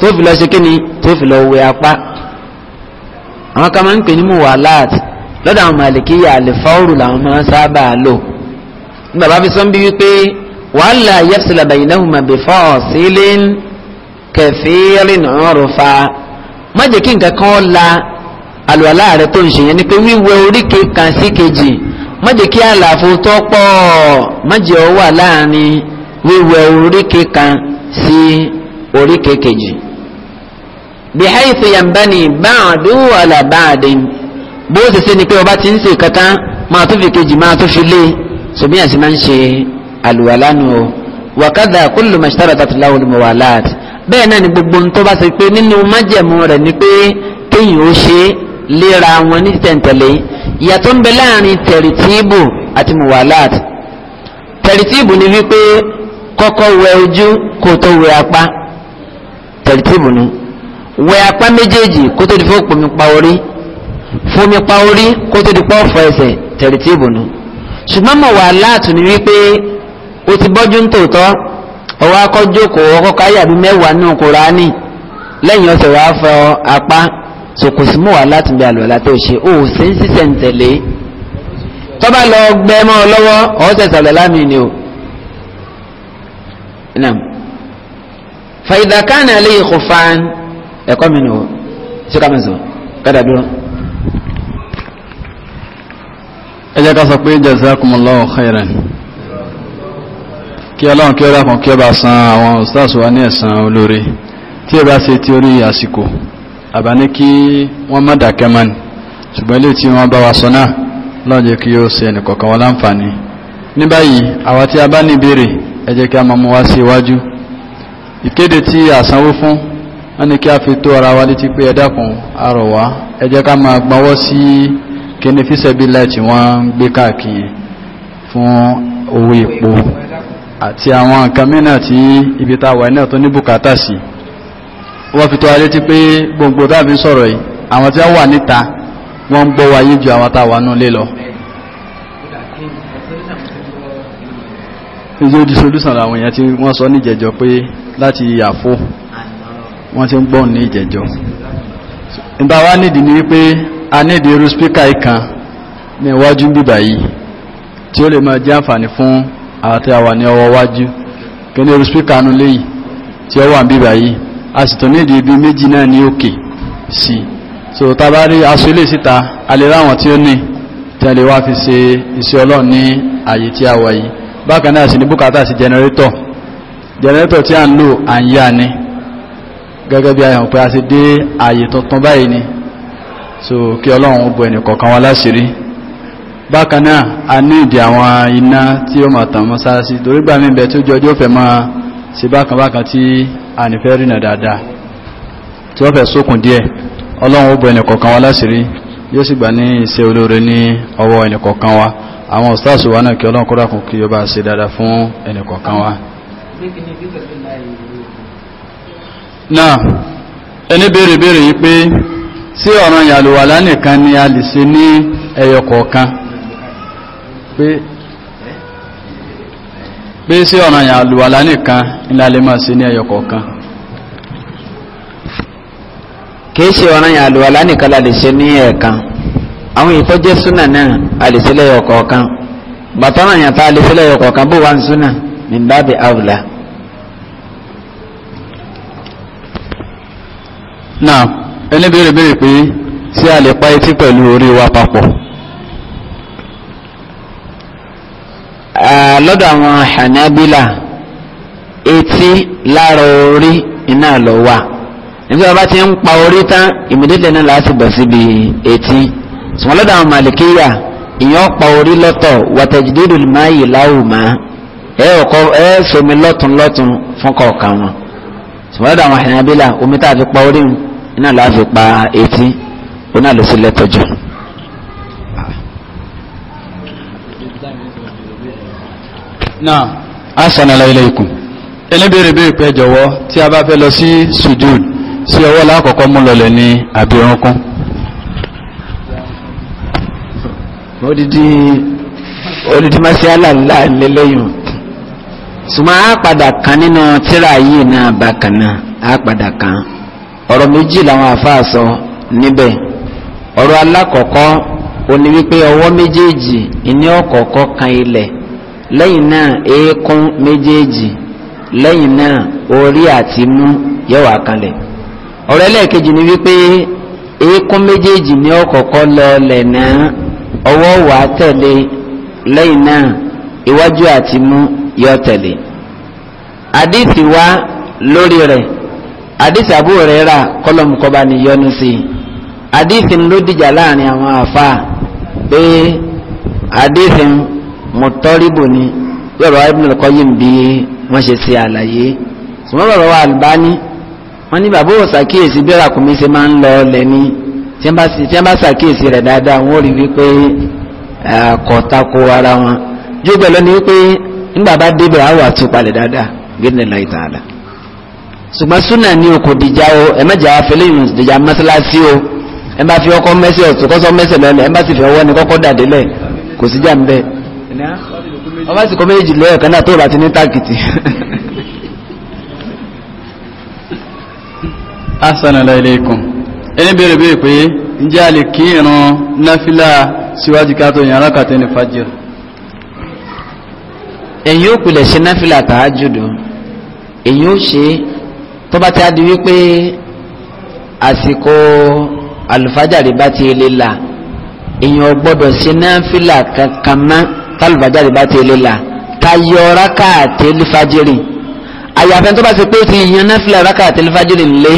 tó fi lọ ṣe kíni tó fi lọ wẹ apá àwọn kan máa ń pè ní muwalat lọ́dọ̀ àwọn màlìkíyà àlùfáórù làwọn máa ń sábà lò ní bàbá fi sọ́n bí wípé wàhálà yẹ́sìlẹ̀ bẹ̀yìnàhùnmá bẹ̀fọ́ sílín kẹfìrín ọ̀rùfà má jẹ́ kí nǹkan kan la àlùwàlá rẹ tó ń ṣe yẹn ni pé wíwẹ̀ oríkèé kan sí kejì má jẹ́ kí àlàfo tó pọ̀ má jẹ́ ó wà láàrin wíwẹ̀ oríkèé kan sí oríkèé kejì bihaythu yanbani báàdú ala báàdín bó ṣe ṣe ni pé ọba ti ń ṣe kankan máa tó fi kejì máa tó fi lé ṣùgbọ́n àti máa ń ṣe àlùwàlá nù o wàkàdà kullu mashtarata lahu al-muwalat bẹ́ẹ̀ náà ni gbogbo ntọ́ bá ṣe pé nínú májẹ̀mú rẹ̀ ni pé kéèyàn ó ṣe léra wọn ní tẹ̀ǹtẹ̀lé ìyàtọ̀ ń bẹ láàrin tẹ̀rìtìbù àti muwalat tẹ̀rìtìbù ni wípé kọ́kọ́ wẹ ojú kó tó wẹ apá tẹ̀rìtìbù ni wẹ apá méjèèjì kó tó di fún òpómi pa orí fomi pa orí kó tó di pọ́ ẹsẹ̀ tẹ̀rìtìbù ni ṣùgbọ́n muwalat ni wípé ó ti bọ́jú ń tòótọ́ ọwọ́ akọ́jọ́kọ̀ ọkọ̀ káyà bíi mẹ́wàá nínú kùránì lẹ́yìn ọ̀sẹ̀ wàá fọ apá sòkòsímọ̀ wà láti bí àlùwàlá tó ṣe ó ṣe ń sísẹ̀ ń tẹ̀lé tọ́ba lọ gbẹ mọ́ ọ lọ́wọ́ ọ̀sẹ̀ sàlẹ̀ lámì ni o. fàyídàkánì alẹ́ yìí fan ẹ̀kọ́ mi nù o ṣé ká mi sọ kádà dúró. ẹ jẹ́ ká sọ pé jazakumullahu khairan kí ọlọ́run kí ọlá kan kí ọba san àwọn ustaz wa ní ẹ̀san olóore tí ẹ bá ṣe tí orí àsìkò àbá ní kí wọ́n má dàkẹ́ mọ́ ni ṣùgbọ́n ilé tí wọ́n bá wa sọ náà lọ́n jẹ́ kí ó ṣe ẹnìkọ̀ọ̀kan wọn láǹfààní ní báyìí àwa tí a bá ní ìbéèrè ẹ jẹ́ kí a máa mú wá sí iwájú ìkéde tí a sanwó fún wọn ni kí a fi tó ara wa létí pé ẹ dákun arọ̀ wá ẹ jẹ́ ká máa gbọ́wọ́ sí kíní fíṣẹ́bí láì wọ́n ń gbé káàkiri fún owó epo àti àwọn nǹkan mìíràn tí ibi ta wà náà tó ní bùkátà sí wọ́n fi tó ayé ti pé gbogbo dábí sọ̀rọ̀ yìí àwọn tí wọ́n wà níta wọ́n ń gbọ́ wa yí ju àwọn táwa nú lé lọ ìjọ di solúsàn bíbà yìí tí ó lè máa jẹ́ àǹfààní fún àti àwà ní ọwọ́ wájú kẹni orí spíkà nú léyìí tí ó wà bíbà yìí a sì tún nídìí ibi méjì náà ní òkè sí so tabari bá rí aṣọ ilé síta a lè ráwọn tí ó ní tí a lè wá fi ṣe iṣẹ́ ọlọ́run ní àyè tí a wà yìí bákan náà sì ní bùkátà sí jẹnẹrétọ̀ jẹnẹrétọ̀ tí a ń lò à ń yá ni gẹ́gẹ́ bí ayọ̀ pé a ti dé àyè tuntun báyìí ni so kí ọlọ́run ó bo ẹnì kọ̀ọ̀kan wa láṣìírí bákanáà a ní ìdí àwọn iná tí ó máa tàn mọ́sálásí torí gbà mí bẹ tí jọ ọjọ́ fẹ́ ma ṣe bákan tí a nífẹ́ rìnà dáadáa tí ó fẹ́ sókùn díẹ̀ ọlọ́run ó bọ ẹnìkọ̀ọ̀kan wa láṣìírí yóò sì gbà ní iṣẹ́ olóore ní ọwọ́ ẹnìkọ̀ọ̀kan wa àwọn ọlọ́run kọ́ra pé pé sí ọ̀nà yà lùwàlá nìkan nílá máa sí ní ẹyọ kọ̀ọ̀kan kìí ṣe ọ̀nà yà lùwàlá nìkan lè ṣe ní ẹ̀ẹ̀kan àwọn ìtọ́jẹ́ súnà náà a lè kọ̀ọ̀kan bàtọ́nà yà tá a lè kọ̀ọ̀kan bó wà ń súnà náà ẹni pé a pa etí pẹ̀lú lọ́dọ̀ àwọn Hanabila etí lára orí iná lọ wà nígbà bá ti ń pa orí tán ìmìdílẹ̀ náà láti bọ̀ síbi etí ṣùgbọ́n lọ́dọ̀ àwọn Malikiya ìyẹn pa orí lọ́tọ̀ wàtẹ̀jìdìdì máa yìí láwùmá ẹ ọkọ ẹ sọmi lọ́tún lọ́tún fún kọ̀ọ̀kan wọn ṣùgbọ́n lọ́dọ̀ àwọn Hanabila omi tá a fi pa orí iná láti pa etí oní àlùsílẹ̀ tọ́jú. náà asanala ilaykum ẹlẹ́bẹ̀rẹ̀ bẹ̀rẹ̀ pé jọ̀wọ́ tí a bá fẹ́ lọ sí sujud si ọwọ́ ọkọkọ mú lọlẹ̀ ní àbírànkún odidi odidi masiala ńlá a padà kan nínú tíra yìí náà bákan náà a padà kan ọ̀rọ̀ méjì làwọn sọ níbẹ̀ ọ̀rọ̀ alákọ̀ọ́kọ́ wípé ọwọ́ méjèèjì ìní lẹ́yìn náà eékún méjèèjì lẹ́yìn náà orí àti mú yóò wá ọ̀rọ̀ ẹlẹ́ẹ̀kejì ni wípé eékún méjèèjì ní ọ̀kọ̀ọ̀kọ́ lọ lẹ̀nà ọwọ́ wà tẹ̀lé lẹ́yìn náà iwájú àti mú yọ tẹ̀lé àdìsí wá lórí rẹ̀ àdìsí ni yọnu sí àdìsí ló dìjà láàrin àwọn àfa pé àdìsí ń. mọ̀tọ́rìbò ni yọ̀rọ̀ Ibn al-Qayyim bí wọ́n ṣe ṣe àlàyé ṣùgbọ́n bàbá wa Albani wọ́n ní bàbá òsàkíyèsí bí ràkúnmí ṣe máa ń lọ ọlẹ̀ ni tí wọ́n bá ṣàkíyèsí rẹ̀ dáadáa wọ́n rí wípé kọ̀ọ̀tako ara wọn jógbẹ́ lọ́ni wípé nígbà bá débẹ̀ á wà tó palẹ̀ dáadáa gbẹ́dẹ̀ láì tààlà ṣùgbọ́n súnà ní okò dìjà o ẹ mẹ́jà afẹ́lẹ́yìn dìjà mọ́sálásí o ẹ kò sí jà ọba sì kọ méjì lẹ́ẹ̀kan náà tó bá ti ní tákìtì assalamu alaikum ẹni bèèrè bèèrè pé ǹjẹ́ a lè kí ìran náfílà síwájú ká tó se nnafila ní fàjọ ẹ̀yin ó pìlẹ̀ ṣe náfílà tààjùdù ẹ̀yin ó ṣe tó bá ti á di wípé àsìkò bá ti lè tálùbájáde bá ti léla tayọ rákà tẹlifájírì àyàfẹ́ tó bá ṣe pé ti yan náfìlà rákà tẹlifájírì nílé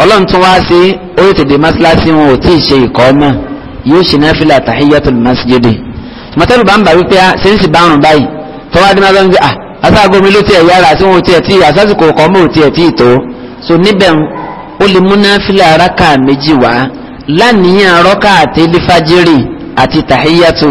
ọlọ́run tún wá sí orí tèdè mọ́sálásí wọn ò tí ì ṣe ìkọ́ mọ́ yóò ṣe náfìlà tàhíyàtul masjidi mọ́tẹ́lù bá ń bà wípé ah, ṣe ń sì bá rùn báyìí tọ́wádìí máa ń gbé à asáàgó mi ló tiẹ̀ yára tí wọn ò tiẹ̀ tí àsásìkò kọ́ mọ́ ò tiẹ̀ tí tó so níbẹ̀ ó lè mú náfìlà rákà méjì wá lánìyàn rọ́kà àti lífàjírì àti tàhíyàtù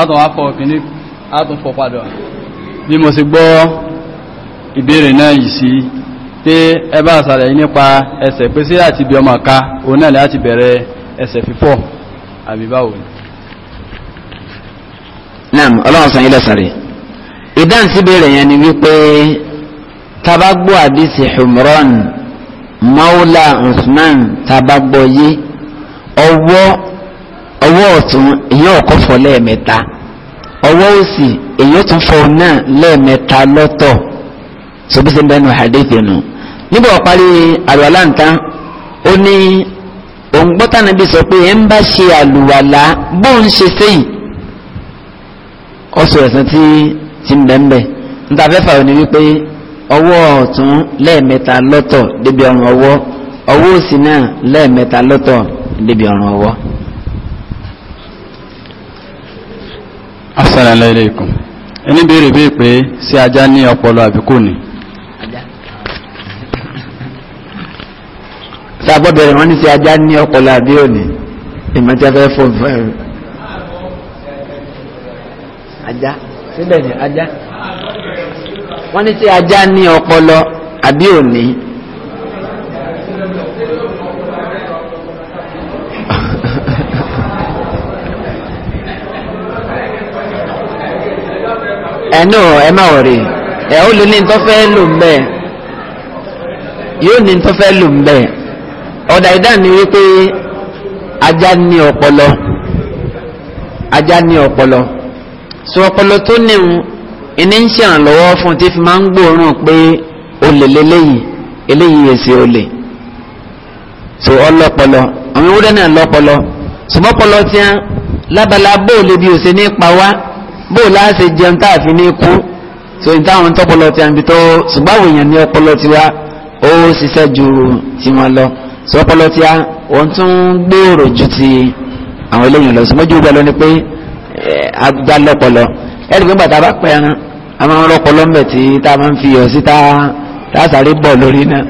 àtọ̀ wá fọ́ kìíní àtọ̀ fọ́ padà bí mo sì gbọ́ ìbéèrè náà yìí sí pé ẹbá àsàlẹ̀ yìí nípa ẹsẹ̀ pé sí àti bí ọmọ ká òun náà láti bẹ̀rẹ̀ ẹsẹ̀ fífọ́ àbíbáwò náà ọlọ́run Humran maula Usman tabagbo yìí ọwọ́ ọwọ́ ọ̀tún èyàn ọ̀kọ́ fọ lẹ́ẹ̀mẹ́ta ọwọ́ òsì èyàn tún fọ náà lẹ́ẹ̀mẹ́ta lọ́tọ̀ se ń bẹ́nu hadithi nù nígbà ọ̀parí àlùwàlá nǹkan ó ní òun gbọ́tà níbi sọ pé ẹ̀ ń bá ṣe àlùwàlá bó ń ṣe sẹ́yìn ọ̀sọ̀ ẹ̀sán tí ti ń bẹ̀ ń níta fẹ́fà ò ní wípé ọwọ́ ọ̀tún lẹ́ẹ̀mẹ́ta lọ́tọ̀ débi ọrùn ọwọ́ ọwọ́ òsì náà lẹ́ẹ̀mẹ́ta lọ́tọ̀ débi ọrùn ọwọ́. Assalamu alaikum ẹni béèrè bí pé sí ajá ní ọpọlọ àbí kò ní sàbọ̀bẹ̀rẹ̀ wọ́n ní sí ajá ní ọpọlọ àbí òní ìmọ̀tẹ́fẹ́ fún ajá síbẹ̀ ni ajá wọ́n ní sí ajá ní ọpọlọ àbí òní ẹnu ẹ má ọ̀rẹ́ ẹ ó lè ní ntọ́fẹ́ lò yóò ní ntọ́fẹ́ lò ọ̀dà wípé ajá ní ọpọlọ ajá ní so ọpọlọ tó níhun ń fún fi máa ń pé olè eléyìí èsì olè so àwọn náà lọpọlọ tí lábala bóòlù bí ní pa wá. bó láti jẹun tá a fi ní kú tó ní táwọn tọpọlọ ti àǹbí tó ṣùgbọ́n àwọn èèyàn ní ọpọlọ tiwa ó ṣiṣẹ́ ju tiwọn lọ sọ ọpọlọ tiwa wọ́n tún gbòòrò ju ti àwọn eléyìí lọ sí mọ́jú gbọ́dọ̀ ni pé eh, agbá lọ́pọlọ ẹ̀rí pé bàtà bá pẹ́ ẹran a máa ń rọ́pọlọ ń bẹ̀ tí tá a máa ń fi yọ̀ sí tá a sáré bọ̀ lórí náà.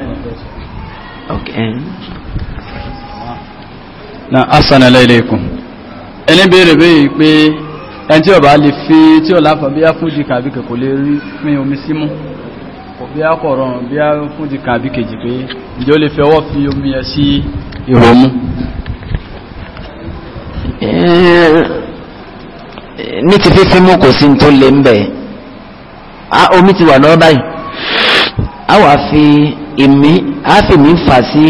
na asana alaykum ẹni béèrè bẹ́ẹ̀ pé. ẹn tí ọba lè fi tí ọlá fà bí á fún jìkà bí kò lè rí mi omi símú kò bí á kọ̀rọ̀ bí á fún jìkà bí kejì pé ǹjẹ́ ó lè fi ọwọ́ fi omi ẹ sí ìrọ̀mú ní ti fífí mú kò sí tó lè ń bẹ̀ omi ti wà náà báyìí a wà fi ìmí a fi mí fà sí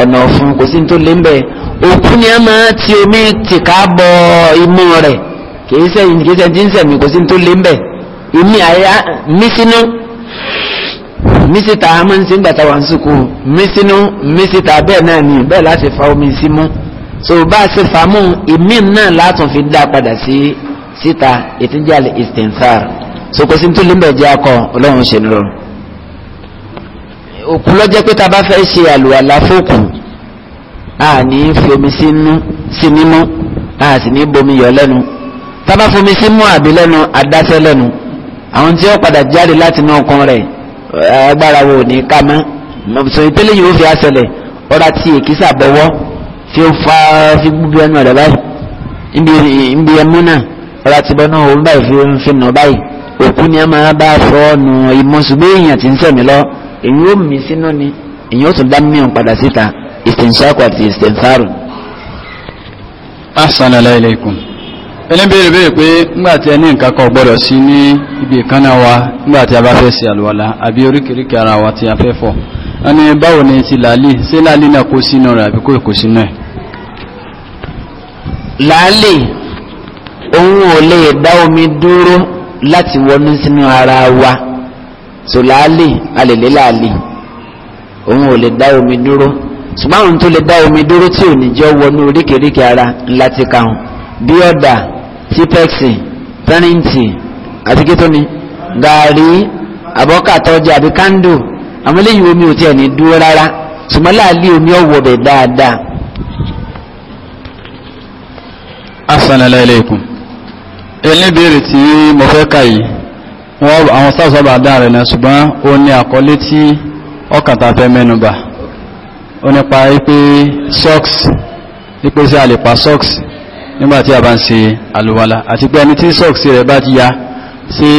ọ̀nà ọ̀fun kò sí tó lè ń bẹ̀ òkú ni a máa ti omi tìka bọ imú rẹ̀ kìí sẹ́yìn kìí sẹ́yìn tí ń sẹ̀mí kò sí tó lé ń bẹ̀ ìmí àyà mí sínú mí síta a ń sin gbàtà wà ń sùkú mí sínú mí síta bẹ́ẹ̀ náà ni bẹ́ẹ̀ láti fa omi sí mú so bá a ṣe fàámù ìmí náà látún fi dá padà sí síta ìtújà ìsìtẹ̀nsáàr so kò sí tó lé ń bẹ̀ jẹ́ akọ ọlọ́run ṣe nírọ̀ òkú lọ́jọ́ pé ta bá fẹ́ ṣe àlùwàlá fókù a ní fi omi sí mímú a sì ní bomi yọ lẹ́nu tába fomi sí mú àbí lẹ́nu àdáṣẹ́ lẹ́nu àwọn tí ó padà jáde láti inú ọkàn rẹ̀ agbára wo ní ká mọ́ sọ ìpele yìí ó fi àṣẹlẹ̀ ọ̀rá tí èkìsà bọ̀wọ́ fi ó fa fi gbúgbú ẹnu rẹ̀ báyìí níbi ẹmú náà ọ̀rá ti bọ́ náà òun báyìí fi nà báyìí òkú ni a máa bá fọ́ ọ̀nà ìmọ̀ ṣùgbọ́n èèyàn ti ń sẹ̀mí lọ èyí ó mì sínú ni èyí ó tún dá mímọ̀ padà síta ìsìnṣẹ́kù àti ìsìnfàrù. ẹni béèrè pé ńgbàtí ẹni nǹkan gbọ́dọ̀ sí ní ibi wa ńgbàtí a si sí abi àbí oríkèríkè ara wa ti a fẹ́ ẹni báwo ni ti làálì ṣé làálì náà kó sínú rẹ̀ àbí kò sínú ẹ̀. omi dúró ara wa so laali o le da omi dúró bí tipẹ́ẹ̀sì pẹ́rẹ́ǹtì àti kítóni gàárì àbọ́kàtọ́ ọjà àbí kándò àwọn eléyìí omi ò tiẹ̀ ní dúró rárá ṣùgbọ́n láàlí omi ọ̀wọ́ bẹ̀ dáadáa. assalamu alaikum ẹni béèrè tí mo fẹ́ kà yìí wọ́n àwọn sáàsọ́ bá rẹ̀ náà ṣùgbọ́n ó ní àkọlé tí ọkàn tá a fẹ́ mẹ́nu bà ó nípa pé socks ní pé sí àlèpà socks nígbàtí a bá ń ṣe alùwàlá àti pé ẹni tí sọ́ọ̀kì rẹ̀ bá ti ya sí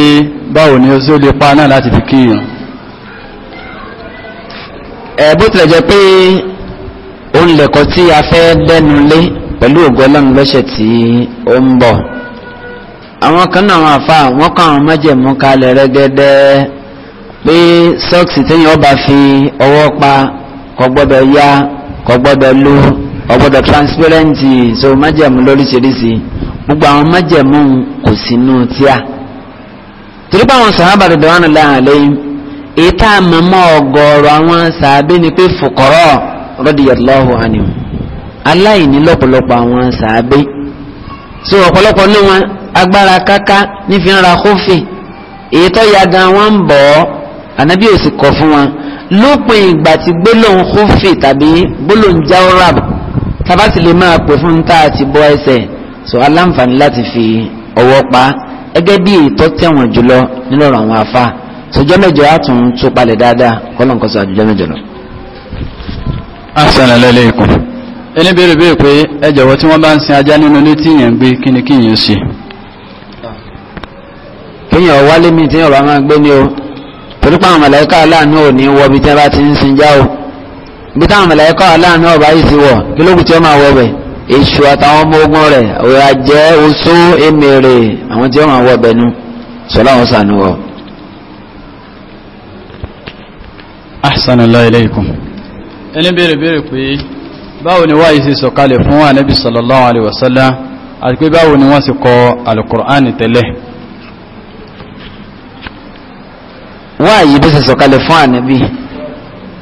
báwo ni ó sí ó lè pa náà láti fi kíyàn ẹ̀bú tilẹ̀ jẹ́ pé òun lẹ̀kọ́ tí a fẹ́ dẹ́nu lé pẹ̀lú ògọ́lọ́n tí ó ń bọ̀ ọ̀gbọ́dọ̀ transparency so májẹ̀mú lóríṣiríṣi gbogbo àwọn májẹ̀mú kò sínú tíà torí báwọn sàhábà dọ̀dọ̀ wọn lọ́hàn lẹ́yìn èyí tá a mọ̀ mọ́ ọgọ́rọ̀ àwọn sàábé ni pé fòkọ́rọ́ radiyallahu anhum aláìní lọ́pọ̀lọpọ̀ àwọn sàábé so ọ̀pọ̀lọpọ̀ ní wọn agbára káká nífi ń ra kófì èyí tó ya gan wọn ń bọ̀ ọ́ ànábì ò sì fún wọn lópin ìgbà tí gbólóhùn kófì tàbí gbólóhùn jáwọ́ràbù tábà sì lè máa pè fún tá a bọ́ ẹsẹ̀ so aláǹfààní láti fi ọwọ́ pa gẹ́gẹ́ bí ètò tẹ̀wọ̀n jùlọ nínú ọ̀rọ̀ àwọn afa sọjọ́ mẹ́jọ á tún tún palẹ̀ dáadáa kọ́lọ̀ nǹkan sọ àjọjọ́ mẹ́jọ lọ. Assalamu alaikum ẹni béèrè béèrè pé ẹ jọ̀wọ́ tí wọ́n bá ń sin ajá nínú ilé tí yẹn ń gbé kí ni kí yẹn ṣe. kéèyàn wálé mi tí ọ̀rọ̀ máa gbé ni o torí àwọn màláíkà aláàánú ò ní wọ ibi tí wọ́n bá ti ń sin já o bí táwọn mẹlẹ́kọ́ aláàánú ọba yìí ti wọ̀ kí ló kù tí ó máa wọ ọbẹ̀ èṣù àtàwọn ọmọ ogun rẹ̀ òyà jẹ́ oṣó emèrè àwọn tí ó máa wọ ọbẹ̀ nu sọlá wọn sànú wọ. ahsanallah ilaykum ẹni béèrè béèrè pé báwo ni wáyé ṣe sọ̀kalẹ̀ fún anabi sallallahu alayhi wa sallam àti pé báwo ni wọ́n sì kọ alukur'an tẹ́lẹ̀. wáyé bí ṣe sọ̀kalẹ̀ fún anabi.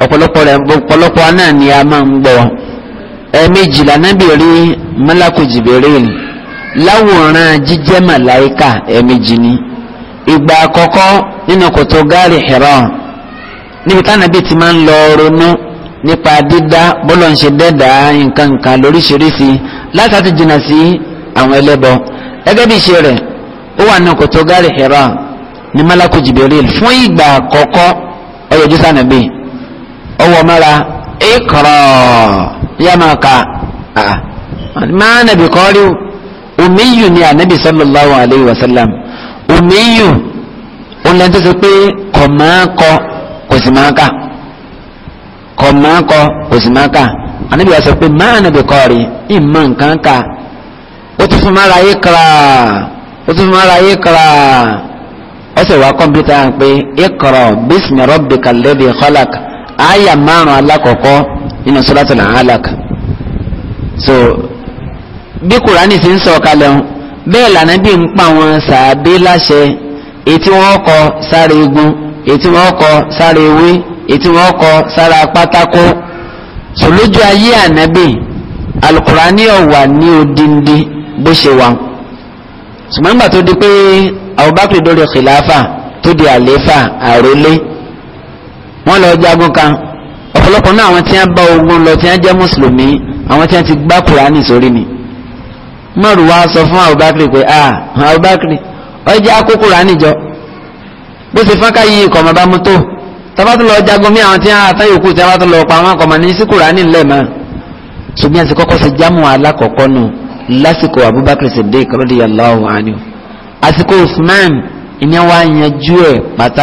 ọ̀pọ̀lọpọ̀ rẹ̀ ọ̀pọ̀lọpọ̀ náà ni a máa ń gbọ́ ẹ̀ẹ̀mejì lànàbì rí mọ́lákù láwòrán jíjẹ́ màláìkà ẹ̀ẹ̀mejì ni ìgbà àkọ́kọ́ nínú kòtò gáàrì Hira níbi ti máa ń lọ ronú nípa dídá bọ́lọ̀ ń ṣe dẹ́dà nǹkan nǹkan lóríṣiríṣi látàtí sí àwọn ẹlẹ́bọ bí ṣe rẹ̀ ó wà nínú kòtò gáàrì ní ọwọ́ mẹ́ra ìkọ̀rọ̀ yamaka ah, ah. máa nàbì kọ́rí omiyu ni ànábì sallallahu alayhi wa sallam omiyu ọ̀nà tó sọ pé kọ̀ máa kọ kò sì máa kà kọ̀ máa kọ kò sì máa kà ànábì wa sọ pé máa nàbì kọ́rí ìmọ̀ nǹkan kà tún fún mara ìkọ̀rọ̀ ó tún fún mara ìkọ̀rọ̀ ó sì wá pé ìkọ̀rọ̀ bísí mi rọ́bì kàlẹ́bì kọ́làkà. haya márùn alakọkọ nínú suratul so bí kùránì ti ń sọ kalẹ̀ ń bẹ́ẹ̀ lànà bí ń pa wọn sàábé láṣẹ wọn kọ sára egun ètí wọn kọ sára ewé ètí wọn kọ sára pátákó so lójú ayé ànábì alukùránì ọ̀wà ní odindi bó ṣe wà ṣùgbọ́n nígbà tó di pé dórí tó di àléfà àrólé. wọ́n lọ jagun kan ọ̀pọ̀lọpọ̀ náà àwọn tí wọ́n bá ogun lọ tí wọ́n jẹ́ mùsùlùmí àwọn tí wọ́n ti gbá kùránì sórí ni mọ́rù wa sọ fún Abubakar pé ah Abubakar ọjà kó kùránì jọ bó ṣe fọ́nká yí ikọ̀ ọmọba mú tó tọ́ba tó lọ jagun mí àwọn tí wọ́n atá yòókù tí wọ́n tó lọ pa àwọn akọ̀mọ̀ ní sí kùránì ńlẹ̀ mọ́ ṣùgbọ́n àti kọ́kọ́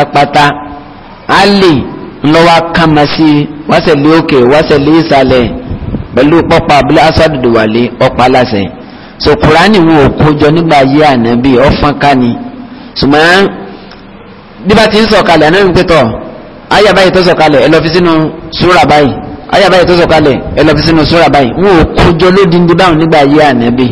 ṣe Ali ńlọ́wọ́ kàmá sí wáṣẹ̀lẹ̀ òkè wáṣẹ̀lẹ̀ ìsàlẹ̀ pẹ̀lú pọ́pọ́ abúlé asádùdùwálé ọ̀pá aláṣẹ so kùránì wọn ò kójọ nígbà yé ànábì ọ̀fọn kání ṣùgbọ́n bí bá ti ń sọ̀kalẹ̀ àná ń pẹ́tọ̀ àyà báyìí tó sọ̀kalẹ̀ ẹ lọ fi sínú súrà báyìí àyà báyìí tó sọ̀kalẹ̀ ẹ lọ fi sínú súrà báyìí wọn kójọ lódindi nígbà yé ànábì